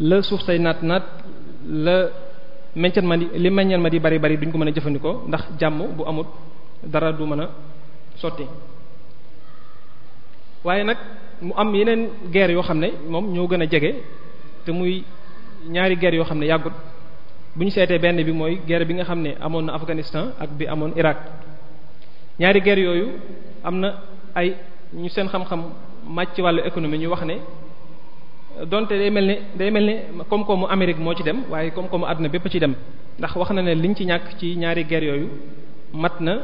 la suuf say naat naat la. meññeet ma li meññeet ma di bari bari duñ ko mën a jëfandikoo ndax jàmm bu amut dara du mën a sotti waaye nag mu am yeneen guerre yoo xam ne moom ñoo gën a jege te muy ñaari guerre yoo xam ne yàggut bu ñu seetee benn bi mooy guerre bi nga xam ne amoon na Afghanistan ak bi amoon Irak ñaari guerre yooyu am na ay ñu seen xam-xam màcc wàll wàllu économie ñu wax ne donte day mel ne day mel ne koom mu Amérique moo ci dem waaye koom-koomu àdduna bépp ci dem ndax wax na ne liñ ci ñàkk ci ñaari guerre yooyu mat na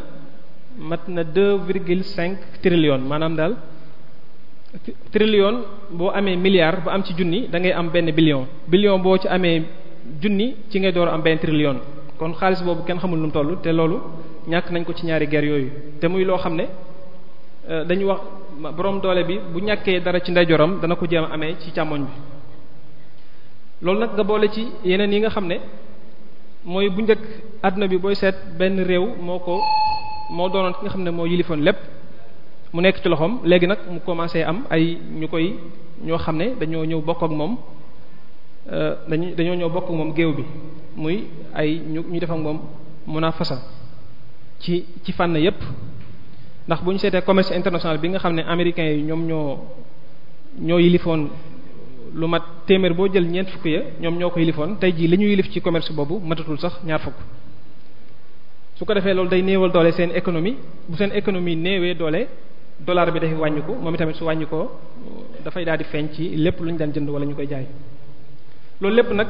mat na deux virgule cinq trillion maanaam daal trillion boo amee milliard ba am ci junni da ngay am benn billion billion boo ci amee junni ci ngay door am benn trillion kon xaalis boobu kenn xamul nu mu toll te loolu ñàkk nañ ko ci ñaari guerre yooyu te muy loo xam ne euh, dañu wax boroom doole bi bu ñàkkee dara ci ndeyjooram dana ko jéem amee ci càmmoñ bi loolu nag nga boole ci yeneen yi nga xam ne mooy bu njëkk àdduna bi booy seet benn réew moo ko moo doonoon ki nga xam ne moo yilifoon lépp mu nekk ci loxoom léegi nag mu commencé am ay ñu koy ñoo xam ne dañoo ñëw bokk ak moom euh, dañu dañoo ñëw bokk moom géew bi muy ay ñu ñu def ak moom munafasa ci ci fànn yépp ndax bu ñu seetee commerce international bi nga xam ne américains yi ñoom ñoo ñoo yilifoon lu mat téeméer boo jël ñeent fukk ya ñoom ñoo ko yilifoon tey jii li ñu yilif ci commerce boobu matatul sax ñaar fukk su ko defee loolu day néewal doole seen économie bu seen économie néewee doole dollar bi dafay wàññiku moom itamit su wàññikoo dafay daal di feeñ ci lépp lu ñu daan jënd wala ñu koy jaay loolu lépp nag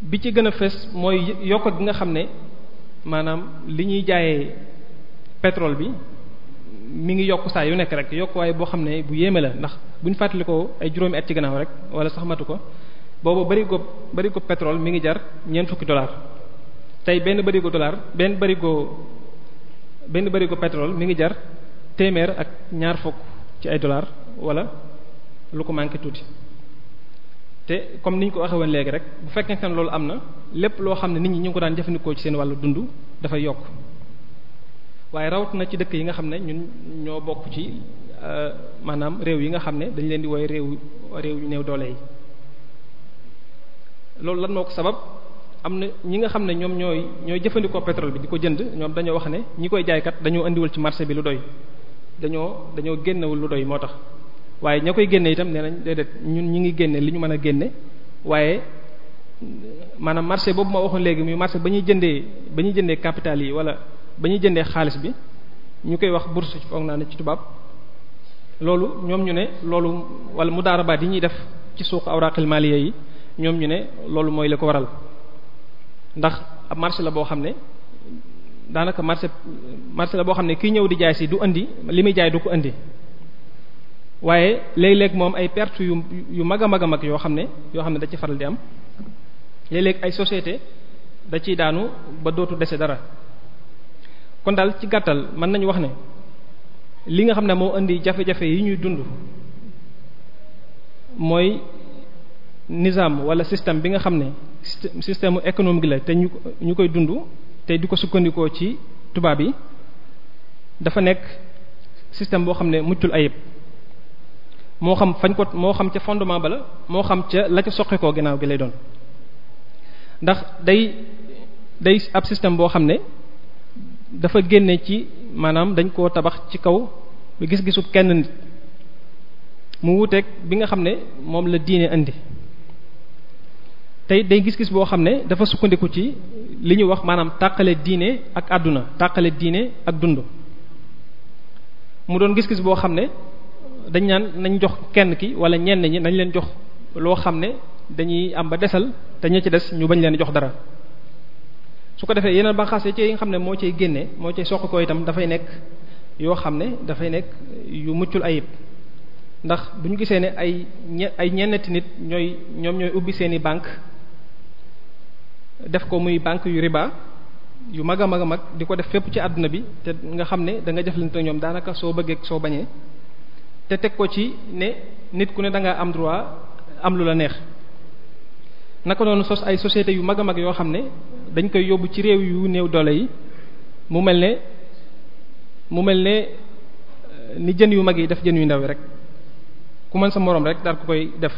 bi ci gën a fes mooy yokk gi nga xam ne maanaam li ñuy jaayee pétrole bi mu ngi yokk saa yu nekk rek yokkuwaay boo xam ne bu yéeme la ndax bu ñu fàttali ko ay juróomi at ci gannaaw rek wala sax matu ko boobu barigo barigo pétrole mi ngi jar ñeent fukki dollar tey benn barigo dollar benn barigo benn barigo pétrole mi ngi jar téeméer ak ñaar fukk ci ay dollar wala lu ko manqué tuuti te comme ni ñu ko waxee woon léegi rek bu fekkee ne loolu am na lépp loo xam ne nit ñi ñu ngi ko daan jëfandikoo ci seen wàllu dund dafay yokk waaye rawat na ci dëkk yi nga xam ne ñun ñoo bokk ci euh, maanaam réew yi nga xam ne dañ leen di woy réew réew yu néew doole yi loolu lan moo ko sabab am na ñi nga xam ne ñoom ñooy ñooy jëfandikoo pétrole bi di ko jënd ñoom dañoo wax ne ñi koy jaaykat dañoo indiwul ci marché bi lu doy dañoo dañoo génnewul lu doy moo tax waaye ñoo koy génne itam nee nañ déedéet ñun ñi ngi génne li ñu mën a génne waaye maanaam marché boobu ma waxoon léegi muy marché ba ñuy jëndee ba ñu jëndee capital yi wala ba ñuy jëndee xaalis bi ñu koy wax bourse foog naa ne ci tubaab loolu ñoom ñu ne loolu wala mudaarabaat yi ñuy def ci suuq awraqil maliya yi ñoom ñu ne loolu mooy la ko waral ndax marché la boo xam ne daanaka marché marché la boo xam ne kiy ñëw di jaay si du indi li muy jaay ko indi waaye léeg moom ay perte yu yu mag a mag a mag yoo xam ne yoo xam ne da ci faral di am léeg-léeg ay societé da ciy daanu ba dootu dese dara kon daal ci gàttal mën nañu wax ne li nga xam ne moo indi jafe-jafe yi ñuy dund mooy nizaam wala système bi nga xam ne système économique la te ñu ñu koy dund te di ko sukkandikoo ci tubaab yi dafa nekk système boo xam ne muccul ayib moo xam fañ ko moo xam ca fondement ba la moo xam ca la ca soqikoo ginnaaw gi lay doon ndax day day ab système boo xam ne dafa génne ci maanaam dañ koo tabax ci kaw lu gis-gisu kenn nit mu wuuteeg bi nga xam ne moom la diine indi tey day gis-gis boo xam ne dafa sukkandiku ci li ñuy wax maanaam tàqale diine ak àdduna tàqale diine ak dund mu doon gis-gis boo xam ne dañ naan nañ jox kenn ki wala ñenn ñi nañ leen jox loo xam ne dañuy am desal te ña ci des ñu bañ leen jox dara su ko defee yeneen banqaas yi ci yi nga xam ne moo cay génnee moo cay soq ko itam dafay nekk yoo xam ne dafay nekk yu muccul ayib ndax bu ñu gisee ne ay ay ñennati nit ñooy ñoom ñooy ubbi seeni banque def ko muy banque yu riba yu mag a mag mag di ko def fépp ci àdduna bi te nga xam ne da nga jëflante ñoom daanaka soo bëggee soo bañee te teg ko ci ne nit ku ne da nga am droit am lu la neex naka noonu sos ay sociétés yu mag a mag yoo xam ne dañ koy yóbbu ci réew yu néew doole yi mu mel ne mu mel ne eh, ni jën yu mag yi def jën yu ndaw yi rek ku mën sa moroom rek daal ko koy def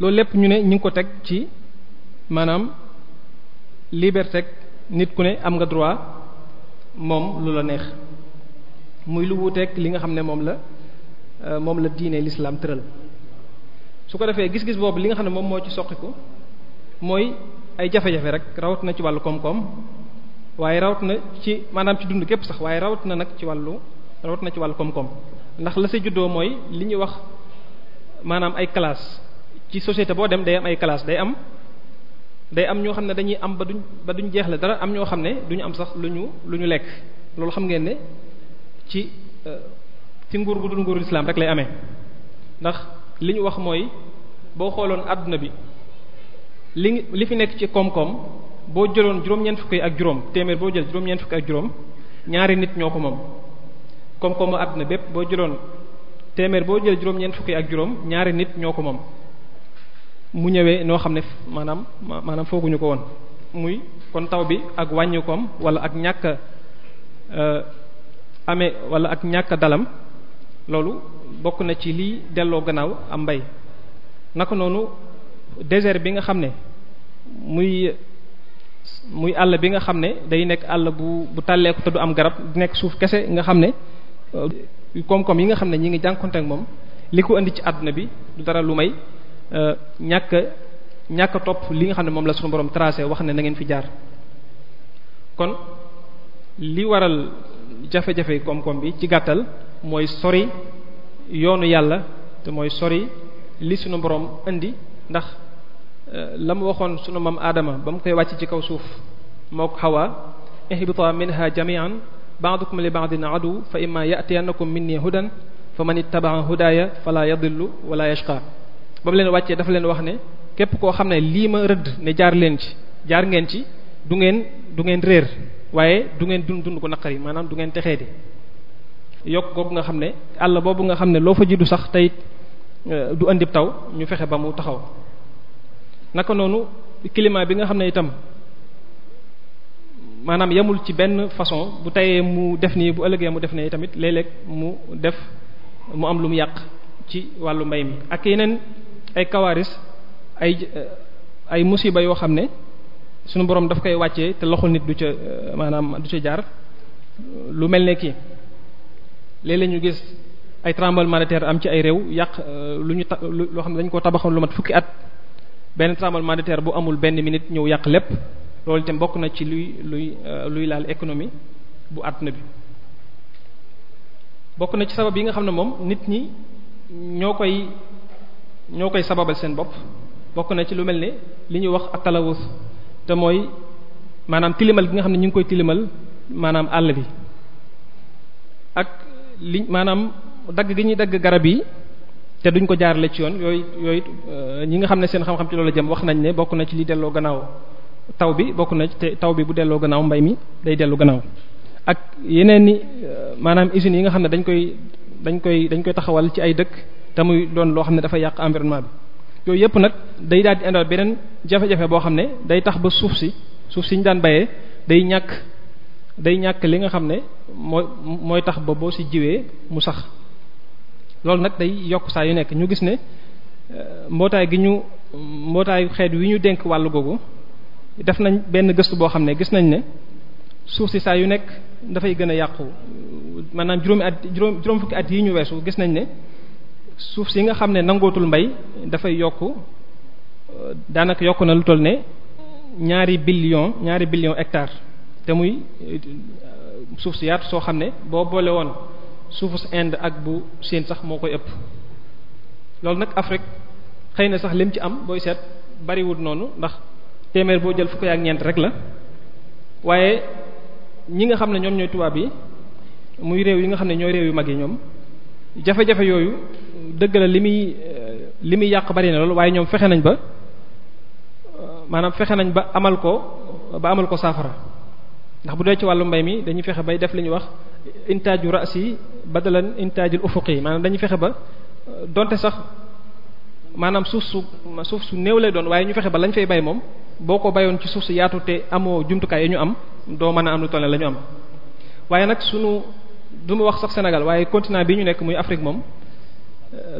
loolu lépp ñu ne ñu ngi ko teg ci maanaam liberté nit ku ne am nga droit moom lu la neex muy lu wuuteeg li nga xam ne moom la eh, moom la diine lislaam tëral su ko defee gis-gis boobu li nga xam ne moom moo ci soqiku mooy ay jafe-jafe rek rawat na ci wàllu koom-koom waaye rawat na ci maanaam ci dund képp sax waaye rawat na nag ci wàllu rawat na ci wàllu koom-koom ndax la sa juddoo mooy li ñuy wax maanaam ay classe ci société boo dem day am ay classe day am day am ñoo xam ne dañuy am ba duñ ba duñ jeexle dara am ñoo xam ne duñu am sax lu ñu lu ñu lekk loolu xam ngeen ne ci euh, ci nguur gu dul nguuru islam rek lay amee ndax li ñu wax mooy boo xooloon àdduna bi li li fi nekk ci koom-koom boo jëloon juróom-ñeent fukk ak juróom téeméer boo jël juróom-ñeent fukk ak juróom ñaari nit ñoo ko moom koom-koomu àdduna bépp boo jëloon téeméer boo jël juróom-ñeent fukk ak juróom ñaari nit ñoo ko moom mu ñëwee noo xam ne maanaam maanaam fooguñu ko woon muy kon taw bi ak wàññi koom wala ak ñàkk euh, amee wala ak ñàkk dalam loolu bokk na ci lii delloo gannaaw am mbay naka noonu désert bi nga xam ne muy muy àll bi nga xam ne day nekk àll bu bu tàlleeku te du am garab nekk suuf kese nga xam ne euh, koom-koom yi nga xam ne ñi ngi jànkonte ak moom li ko indi ci àdduna bi du dara lu may euh, ñàkk ñàkk topp li nga xam ne moom la suñu borom tracé wax ne na ngeen fi jaar kon li waral jafe-jafe koom-koom bi ci gàttal mooy sori yoonu yàlla te mooy sori li suñu borom indi ndax euh, la mu waxoon sunu maam aadama ba mu koy wàcc ci kaw suuf mook xawa ihbita minha jami'an ba'dukum li ba'din adu fa imma ya'tiyannakum minni hudan fa man ittaba'a hudaaya fala yadillu wala yashqa ba mu leen wàccee dafa leen wax ne képp koo xam ne lii ma rëdd ne jaar leen ci jaar ngeen ci du ngeen du ngeen réer waaye du ngeen dund dund ko naqari maanaam du ngeen texee di yokk googu nga xam ne àll boobu nga xam ne loo fa jiitu sax tey Euh, du indi taw ñu fexe ba mu taxaw naka noonu climat bi nga xam ne itam maanaam yemul ci benn façon bu tayee mu def nii bu ëllëgee mu def nii tamit léeg mu def mu am lu mu yàq ci wàllu mbay mi ak yeneen ay kawaaris ay ay musiba yoo xam ne sunu borom daf koy wàccee te loxo nit du ca maanaam du ca jaar lu mel ne kii léeg ñu gis ay tremblement de am ci ay réew yàq euh, lu ñu ta loo xam ne dañ koo tabaxoon lu mat fukki at benn tremblement de bu amul benn minute ñëw yàq lépp loolu itam bokk na ci luy luy euh, luy laal économie bu àdduna bi bokk na ci sabab yi nga xam ne moom nit ñi ñoo koy ñoo koy sababal seen bopp bokk na ci lu mel ne li ñuy wax atalawus te mooy maanaam tilimal gi nga xam ne ñu ngi koy tilimal maanaam àll bi ak li maanaam dagg gi ñuy dagg garab yi te duñ ko jaarale ci yoon yooyu yooyu euh, ñi nga xam ne seen xam-xam ci loolu jëm wax nañ ne bokk na ci li delloo gannaaw taw bi bokk na ci te taw bi bu delloo gannaaw mbay mi day dellu gannaaw ak yeneen ni euh, maanaam usines yi nga xam ne dañ koy dañ koy dañ koy taxawal ci ay dëkk te muy doon loo xam ne dafa yàq environnement bi yooyu yëpp nag day daal di beneen jafe-jafe boo xam ne day tax ba suuf si suuf si ñu daan bayee day ñàkk day ñàkk li nga xam ne mooy mooy tax ba boo si jiwee mu sax loolu nag day yokk saa yu nekk ñu gis ne euh, mbootaay gi ñu mbootaayu xeet wi ñu denk wàll googu def nañ benn gëstu boo xam ne gis nañ ne suuf si yu nekk dafay gën a yàqu maanaam juróomi juróom juróom fukki at yi ñu weesu gis nañ ne suuf si nga xam ne nangootul mbay dafay yokk euh, daanaka yokk na lu toll ne ñaari billion ñaari billion hectares te muy euh, suuf si yaatu soo xam ne boo boole woon suufu su Inde ak bu Chine sax moo koy ëpp loolu nag Afrique xëy na sax lim ci am booy seet bariwul noonu ndax téeméer boo jël fukk ak ñeent rek la waaye ñi nga xam ne ñoom ñooy tubaab yi muy réew yi nga xam ne ñooy réew yu mag yi ñoom jafe-jafe yooyu dëgg la li muy euh, li muy yàq bari na lool waaye ñoom fexe nañ ba euh, maanaam fexe nañ ba amal ko ba amal ko saafara ndax bu dee ci wàllu mbay mi dañuy fexe bay def lañuy wax intaaju rasi badalan intaajul yi maanaam dañuy fexe ba donte sax maanaam suuf su suuf su néew lay doon waaye ñu fexe ba lañ fay bay moom boo ko bayoon ci suuf su yaatu te amoo jumtukaay yi ñu am doo mën a am lu toll la ñu am. waaye nag sunu du ma wax sax Sénégal waaye continent bi ñu nekk muy Afrique moom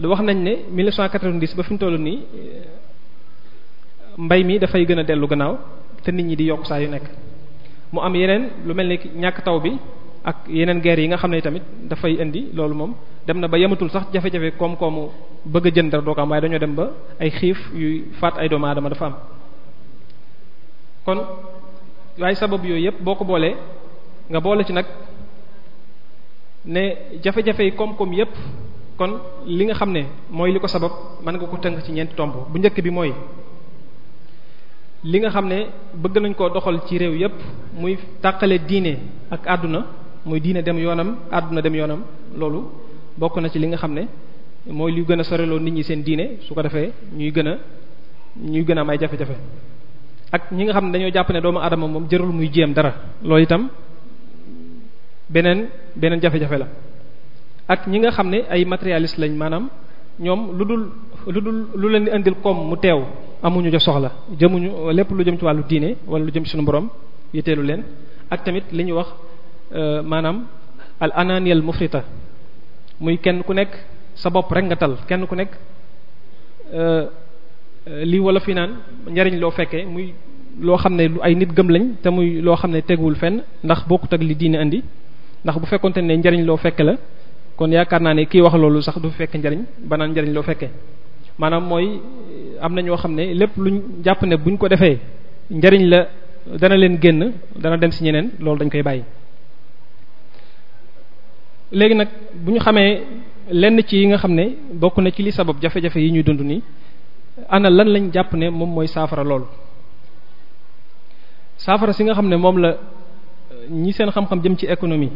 lu wax nañ ne 1990 ba fi mu toll nii mbay mi dafay gën a dellu gannaaw te nit ñi di yokk saa yu nekk mu am yeneen lu mel ni ñàkk taw bi. ak yeneen guerre yi nga xam ne tamit dafay indi loolu moom dem na ba yematul sax jafe-jafe koom-koomu bëgg a jënd dara doo ko am waaye dañoo dem ba ay xiif yuy faat ay doomu aadama dafa am kon waaye sabab yooyu yëpp boo ko boolee nga boole ci nag ne jafe-jafe koom-koom yëpp kon li nga xam ne mooy li ko sabab mën nga ko tëng ci ñeenti tomb bu njëkk bi mooy li nga xam ne bëgg nañ koo doxal ci réew yëpp muy tàqale diine ak àdduna muy diina dem yoonam àdduna dem yoonam loolu bokk na ci li nga xam ne mooy lu gën a soreloo nit ñi seen diine su ko defee ñuy gën a ñuy gën a am ay jafe-jafe ak ñi nga xam ne dañoo jàpp ne doomu adama moom jërul muy jéem dara loolu itam beneen beneen jafe-jafe la ak ñi nga xam ne ay matérialiste lañ maanaam ñoom lu dul lu dul lu leen di indil koom mu teew amuñu ja soxla jëmuñu lépp lu jëm ci wàllu diine wala lu jëm ci suñu borom yitteelu leen ak tamit li ñu wax Euh, maanaam al ananiyal mufrita muy kenn ku nekk sa bopp rek nga tal kenn ku nekk euh, euh, lii wala fi naan njariñ loo fekkee muy loo xam ne lu ay nit gëm lañ te muy loo xam ne teguwul fenn ndax bokkut ak li diine indi ndax bu fekkonte ne njariñ loo fekke la kon yaakaar naa ne kii wax loolu sax du fekk njariñ banaan njariñ loo fekkee maanaam mooy am na ñoo xam ne lépp luñ jàpp ne buñ ko defee njariñ la dana leen génn dana dem ci ñeneen loolu dañ koy bàyyi léegi nag bu ñu xamee lenn ci yi nga xam ne bokk na ci li sabab jafe-jafe yi ñuy dund nii ana lan lañ jàpp ne moom mooy saafara loolu saafara si nga xam ne moom la euh, ñi seen xam-xam jëm ci économie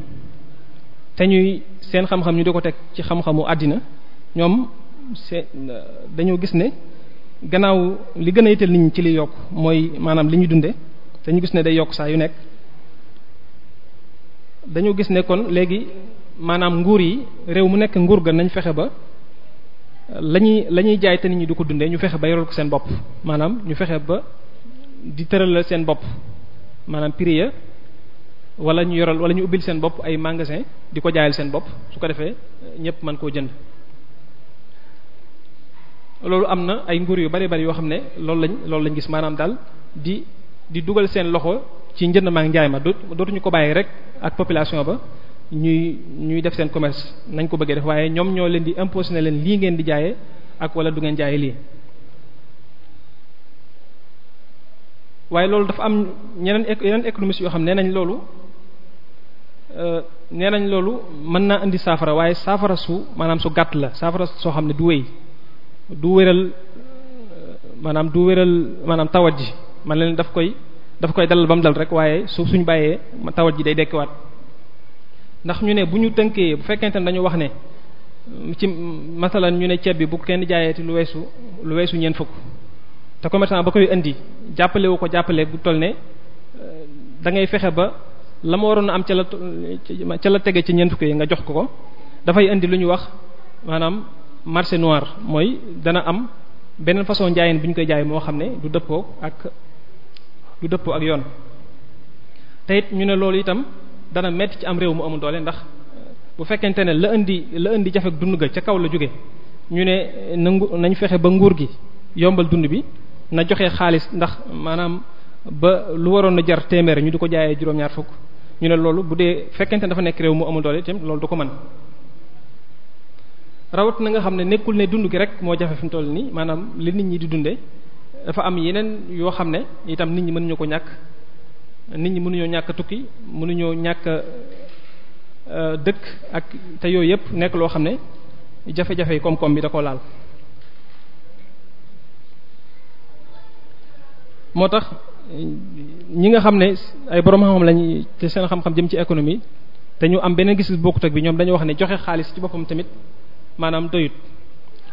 te ñuy seen xam-xam ñu di ko teg ci xam-xamu àddina ñoom seen euh, dañoo gis ne gannaaw li gën a ital nit ñi ci li yokk mooy maanaam li ñu dunde te ñu gis ne day yokk saa yu nekk dañoo gis ne kon léegi maanaam nguur yi réew mu nekk nguur ga nañ fexe ba la ñuy la jaay te nit ñi du ko dunde ñu fexe ba yoral ko seen bopp maanaam ñu fexe ba di tëralal seen bopp maanaam prix ya wala ñu yoral wala ñu ubbil seen bopp ay magasin di ko jaayal seen bopp su ko defee ñépp mën koo jënd loolu am na ay nguur yu bari bari yoo xam ne loolu lañ loolu lañ gis maanaam daal di di dugal seen loxo ci njënd maak njaay ma dootuñu ko bàyyi rek ak population ba ñuy ñuy def seen commerce nañ ko bëggee def waaye ñoom ñoo leen di imposé na leen lii ngeen di jaaye ak wala du ngeen jaaye lii. waaye loolu dafa am ñeneen yeneen économistes yoo xam nee nañ loolu euh, nee nañ loolu mën naa indi saafara waaye saafara su maanaam su gàtt la saafara soo xam ne du wéy du wëral euh, maanaam du wéral maanaam tawat ji man leen daf koy daf koy dalal ba mu dal rek waaye su suñ bàyyee tawat ji day dekkiwaat. ndax ñu ne bu ñu tënkee bu fekkente ne dañu wax ne ci masalan ñu ne ceeb bi bu kenn jaayeeti lu weesu lu weesu ñeent fukk te commerçant ba koy indi jàppalewu ko jàppale bu toll ne euh, da ngay fexe ba la ma waroon a am ca la ca la tege ci ñeent fukk yi nga jox ko ko dafay indi lu ñu wax maanaam marché noir mooy dana am beneen façon njaayeen bu ñu koy jaay moo xam ne du dëppoo ak du dëppoo ak yoon te ñu ne loolu itam. dana metti ci am réew mu amul doole ndax euh, bu fekkente ne la indi la indi jafe dund ga ca kaw la jóge ñu ne euh, nangu nañ fexe ba nguur gi yombal dund bi na joxe xaalis ndax maanaam ba lu waroon a jar téeméer ñu di ko jaayee juróom-ñaar fukk ñu ne loolu bu dee fekkente na dafa nekk réew mu amul doole itam loolu du ko man rawat na nga xam ne nekkul ne dund gi rek moo jafe fi mu toll nii maanaam li nit ñi di dundee dafa am yeneen yoo xam ne itam nit ñi mën ko ñàkk nit ñi mënuñoo ñàkk tukki mënuñoo ñàkk euh, dëkk ak te yooyu yëpp nekk loo xam ne jafe-jafe yi koom bi da ko laal moo tax ñi nga xam ne ay borom xam-xam lañ te seen xam-xam jëm ci économie te ñu am beneen gis-gis bokkut bi ñoom dañoo wax ne joxe xaalis ci boppam tamit maanaam doyut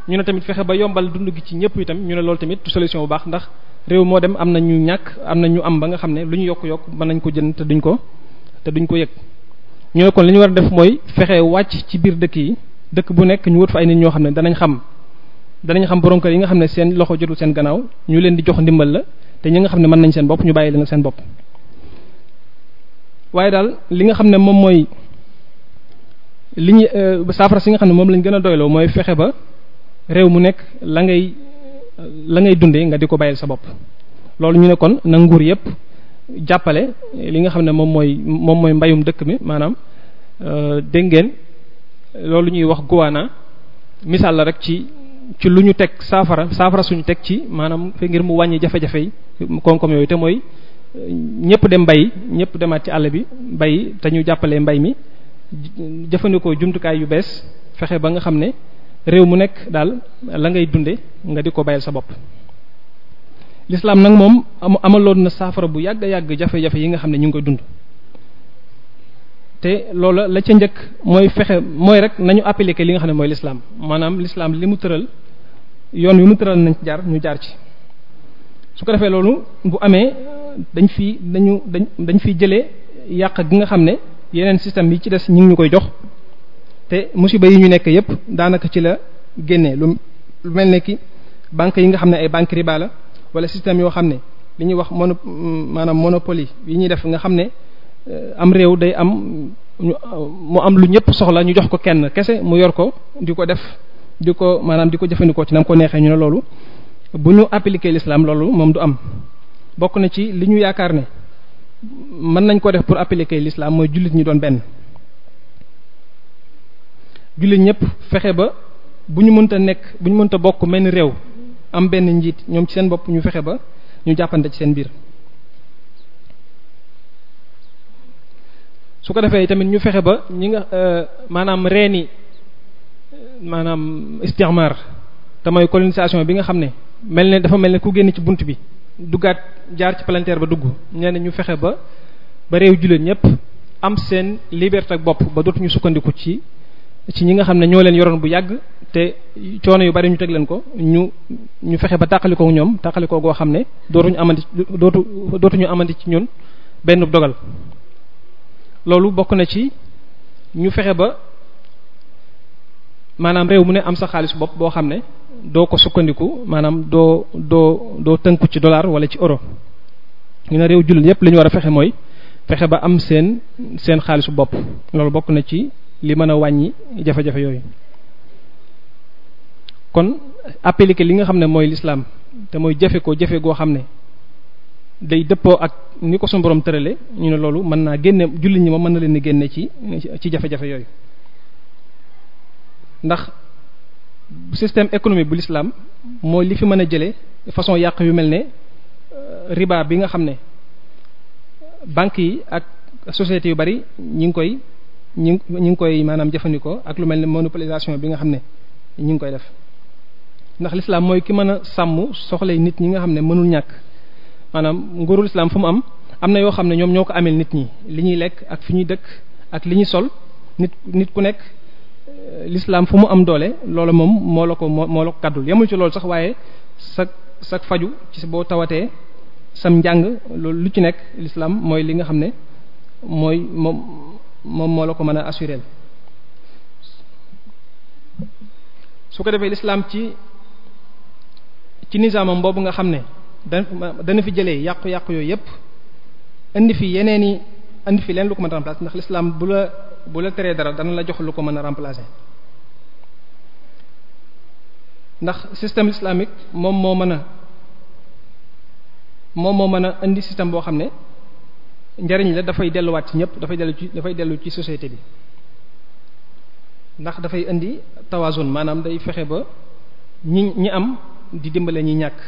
ñu ne tamit fexe ba yombal dund gi ci ñëpp itam ñu ne loolu tamit solution bu baax ndax réew moo dem am na ñu ñàkk am na ñu am ba nga xam ne lu ñu yokk-yokk mën nañ ko jënd te duñ ko te duñ ko yëg ñu ne kon li ñu war a def mooy fexe wàcc ci biir dëkk yi dëkk bu nekk ñu wut fa ay nit ñoo xam ne danañ xam danañ xam borom kër yi nga xam ne seen loxo jotul seen gannaaw ñu leen di jox ndimbal la te ñi nga xam ne mën nañ seen bopp ñu bàyyi leen ak seen bopp waaye daal li nga xam ne moom mooy li ñu euh, saafara si nga xam ne moom lañ gën a doyloo mooy fexe ba réew mu nekk la ngay la ngay dundee nga di ko bàyyil sa bopp loolu ñu ne kon na nguur yépp jàppale li nga xam ne moom mooy moom mooy mbayum dëkk mi maanaam euh, dégg ngeen loolu ñuy wax guwaana misaal la rek ci ci lu ñu teg saafara saafara suñu teg ci maanaam fi ngir mu wàññi jafe-jafe yi koom-koom yooyu te mooy euh, ñépp dem mbay ñépp demaat ci àll bi bay te ñu jàppale mbay mi jëfandikoo jumtukaay yu bees fexe ba nga xam ne réew mu nekk daal la ngay dunde nga di ko bayal sa bopp lislaam nag moom amu amaloon na saafara bu yàgg yàgg jafe-jafe yi nga xam ne ñu ngi koy dund te loola la ca njëkk mooy fexe mooy rek nañu appliquer li nga xam ne mooy lislaam maanaam lislaam li mu tëral yoon wi mu tëral nañ jaar ñu jaar ci su ko defee loolu bu amee dañ fi dañu dañ dañ fiy jële yàq gi nga xam ne yeneen système yi ci des ñu ngi ñu koy jox te musiba yi ñu nekk yépp daanaka ci la génnee lu lu mel ne ki banques yi nga xam ne ay banque riba la wala système yoo xam ne li ñuy wax mono maanaam monopole yi ñuy def nga xam ne euh, am réew day am ñu mu am lu ñëpp soxla ñu jox ko kenn kese mu yor ko di ko def di ko maanaam di ko jëfandikoo ci nam ko neexee ñu ne loolu bu ñu appliquer l'islam loolu moom du am bokk na ci li ñu yaakaar ne mën nañ ko def pour appliquer lislaam mooy jullit ñi doon benn jullit ñëpp fexe ba bu ñu mënta nekk bu ñu mënta bokk menn réew am benn njiit ñoom ci seen bopp ñu fexe ba ñu jàppande ci seen biir su ko defee tamit ñu fexe ba ñi nga euh, maanaam reeni maanaam istixmar te mooy colonisation bi nga xam ne mel ne dafa mel ne ku génn ci bunt bi duggaat jaar ci palanteer ba dugg ñenn ñu fexe ba ba réew jullit ñëpp am seen liberté ak bopp ba dootuñu sukkandiku ci ci ñi nga xam ne ñoo leen yoroon bu yàgg te coono yu bari ñu teg leen ko ñu ñu fexe ba tàqalikoo ñoom tàqalikoo goo xam ne dootuñu amandi dootu dootuñu amandi ci ñun benn dogal loolu bokk na ci ñu fexe ba maanaam réew mu ne am sa xaalis bopp boo xam ne doo ko sukkandiku maanaam doo doo doo tënku ci dollar wala ci euro ñu ne réew jullit yépp li ñu war a fexe mooy fexe ba am seen seen xaalisu bopp loolu bokk na ci li mën a wàññi jafe-jafe yooyu kon appliquer li nga xam ne mooy lislaam te mooy jafe ko jafe goo xam ne day dëppoo ak ni ko suñu borom tërale ñu ne loolu mën naa génne jullit ñi ma mën na leen génne ci ci jafe-jafe yooyu ndax système économique bu lislaam mooy li fi mën a jëlee façon yàq yu mel ne euh, riba bi nga xam ne banque yi ak sociétés yu bari ñi ngi koy ñi ñi ngi koy maanaam jëfandikoo ak lu mel ne monopolisation bi nga xam ne ñi ngi koy def ndax lislaam mooy ki mën a sàmm soxlay nit ñi nga xam ne mënul ñàkk maanaam nguurul islam fu mu am am na yoo xam ne ñoom ñoo ko ameel nit ñi li ñuy lekk ak fi ñuy dëkk ak li ñuy sol nit nit ku nekk euh, l'islam fu mu am doole loolu moom moo la ko moo la ko kàddul yemul ci loolu sax waaye sa sa faju ci boo tawatee sam njàng loolu lu ci nekk lislaam mooy li nga xam ne mooy moom moom moo la ko mën a assurer su ko defee lislaam ci ci nizaamam boobu nga xam ne dana fi jëlee yàqu-yàqu yooyu yépp indi fi yeneen i indi fi leen lu ko mën a remplacer ndax lislaam bu la bu la teree dara dana la jox lu ko mën a remplacer ndax système islamique moom moo mën a moom moo mën a indi système boo xam ne njariñ la dafay delluwaat ci ñëpp dafay dellu ci dafay dellu ci société bi ndax dafay indi tawaasun maanaam day fexe ba ñi ñi am di dimbale ñi ñàkk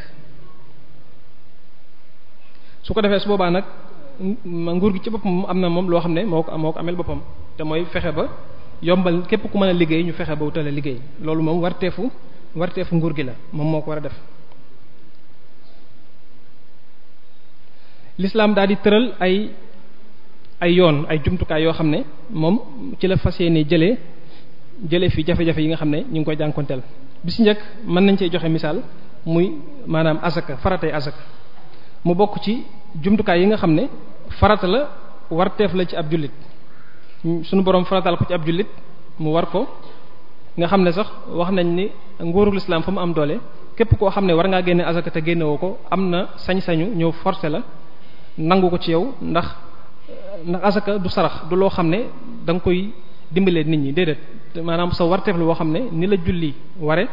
su ko defee su boobaa nag nguur gi ci boppam am na moom loo xam ne moo ko moo ko ameel boppam te mooy fexe ba yombal képp ku mën a liggéey ñu fexe ba wutale liggéey loolu moom warteefu warteefu nguur gi la moom moo ko war a def lislaam daal di tëral ay ay yoon ay jumtukaay yoo xam ne moom ci la fas yéene jëlee jëlee fi jafe-jafe yi nga xam ne ñu ngi koy jànkonteel bi si njëkk mën nañ cee joxe misaal muy maanaam asaka faratay asaka mu bokk ci jumtukaay yi nga xam ne farata la warteef la ci ab jullit suñu borom farataal ko ci ab jullit mu war ko nga xam ne sax wax nañ ni nguurul islam fa mu am doole képp koo xam ne war ngaa génne asaka te génnewoo ko am na sañ-sañu ñëw forcé la nangu ko ci yow ndax ndax asaka du sarax du loo xam ne da nga koy dimbalee nit ñi déedéet maanaam sa warteef la boo xam ne ni la julli ware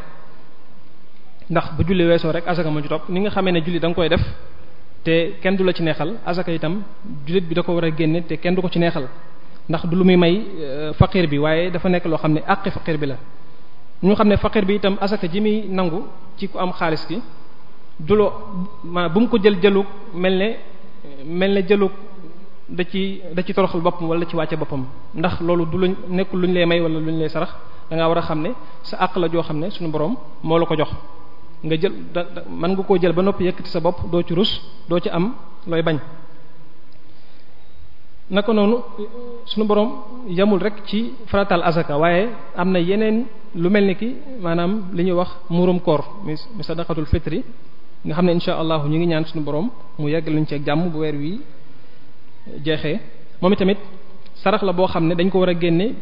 ndax bu julli weesoo rek asaka ma ju topp ni nga xamee ne julli danga koy def te kenn du la ci neexal asaka itam jullit bi da ko war a génne te kenn du ko ci neexal ndax du lu muy may euh, faqir bi waaye dafa nekk loo xam ne àqi faqir bi la ñu xam ne faqir bi itam asaka ji muy nangu ci ku am xaalis gi du loo mu ko jël jëlu mel ne mel na jëlu da ci da ci toroxal boppam wala ci wàcce boppam ndax loolu du luñ nekkul ñu lay may walla lu ñu lay sarax da war a xam ne sa àq la joo xam ne suñu borom moo la ko jox nga jël da mën nga koo jël ba noppi yëkkati sa bopp doo ci rus doo ci am looy bañ naka noonu sunu borom yamul rek ci faratal azaka waaye am na yeneen lu mel ni ki maanaam li ñuy wax muurum koor mi sadaqatul fitri nga xam ne incha allah ñu ngi ñaan suñu borom mu yegg luñ ci jàmm bu weer wii jeexee moom tamit sarax la boo xam ne dañ ko war a génne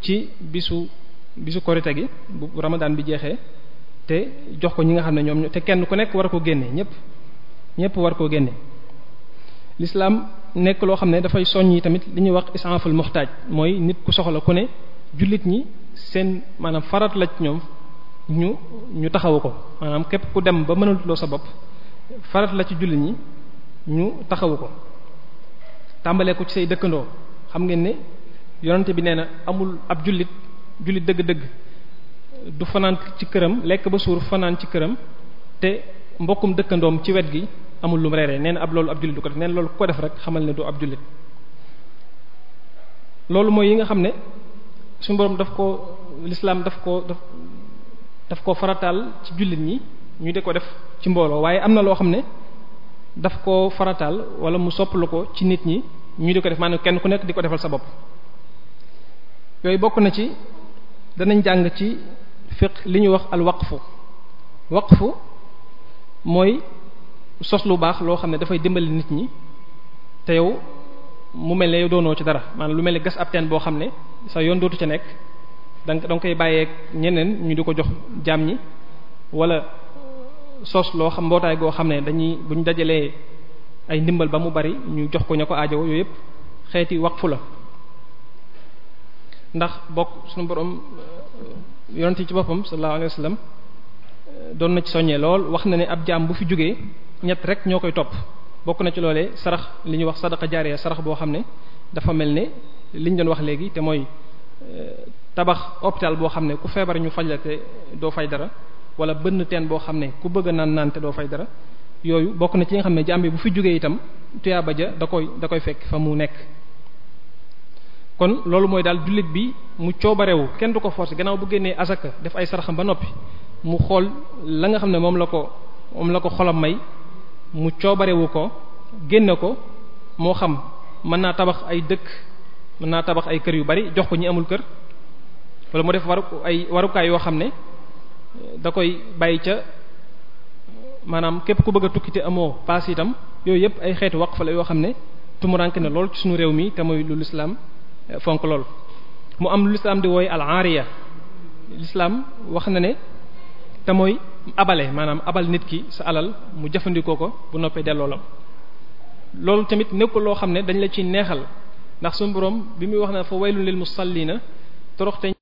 ci bisu bisu korite gi bu ramadan bi jeexee te jox ko ñi nga xam ne ñoom te kenn ku nekk war ko génne ñépp ñépp war koo génne lislaam nekk loo xam ne dafay soññ yi tamit li ñuy wax isaaful muxtaaj mooy nit ku soxla ku ne jullit ñi seen maanaam farat la ñoom ñu ñu taxawu ko maanaam képp ku dem ba mënatuloo sa bopp farat la ci jullit ñi ñu taxawu ko tàmbalee ko ci say dëkkandoo xam ngeen ni yonent bi nee na amul ab jullit jullit dëgg-dëgg du fanaan ci këram lekk ba suur fanaan ci këram te mbokkum dëkkandoom ci wet gi amul lu mu reeree nee ab loolu ab jullit du ko def nee na loolu ko def rek xamal ne du ab jullit loolu mooy yi nga xam ne suñu borom daf ko lislaam daf ko daf daf ko farataal ci jullit ñi ñu di ko def ci mbooloo waaye am na loo xam ne daf ko farataal wala mu sopplu ko ci nit ñi ñu de ko def maanaam kenn ku nekk di ko defal sa bopp yooyu bokk na ci danañ jàng ci féq li ñuy wax al waqfu waqfu mooy sos lu baax loo xam ne dafay dimbali nit ñi te yow mu mel ne yow doonoo ci dara maanaa lu mel ne gas ab teen boo xam ne sa yoon dootu ca nekk da nga koy bàyyeek ñeneen ñu di ko jox jaam ñi walla soos loo xam mbootaay goo xam ne dañuy bu ñu dajalee ay ndimbal ba mu bari ñu jox ko ña ko aajow yooyu yëpp xeeti waqfu la ndax bokk suñu borom euh, yonent yi ci boppam sallallahu alayhi euh, doon na ci soññee lool wax na ne ab jaam bu fi jógee ñett rek ñoo koy topp bokk na ci loolee sarax li ñuy wax sadaqa jaariya sarax boo xam ne dafa mel ne liñ doon wax léegi te mooy euh, tabax hôpital boo xam ne ku feebar ñu faj la te doo fay dara wala bënn teen boo xam ne ku bëgg a naan naan te doo fay dara yooyu bokk na ci nga xam ne jàmbi bu fi jógee itam tuyaaba ja da koy da koy fekk fa mu nekk kon loolu mooy daal jullit bi mu coobarewu kenn du ko forcer gannaaw bu génnee asaka def ay saraxam ba noppi mu xool la nga xam ne moom la ko moom la ko xolam may mu coobarewu ko génne ko moo xam mën naa tabax ay dëkk mën naa tabax ay kër yu bari jox ko ñi amul kër wala mu def waru ay warukaay yoo xam ne da koy bàyyi ca maanaam képp ku bëgg a tukki te amoo paas itam yooyu yëpp ay xeetu waqf la yoo xam ne tumuranke ne lool suñu réew mi te mooy lu lislaam eh, fonk lool mu am lu lislaam di wooy al aariya lislaam wax na ne te mooy abale maanaam abal nit ki sa alal mu jëfandikoo ko bu noppee delloo loolu tamit nekkul loo xam ne dañ la ciy neexal ndax suñu borom bi muy wax na fa waylun lil musallina toroxte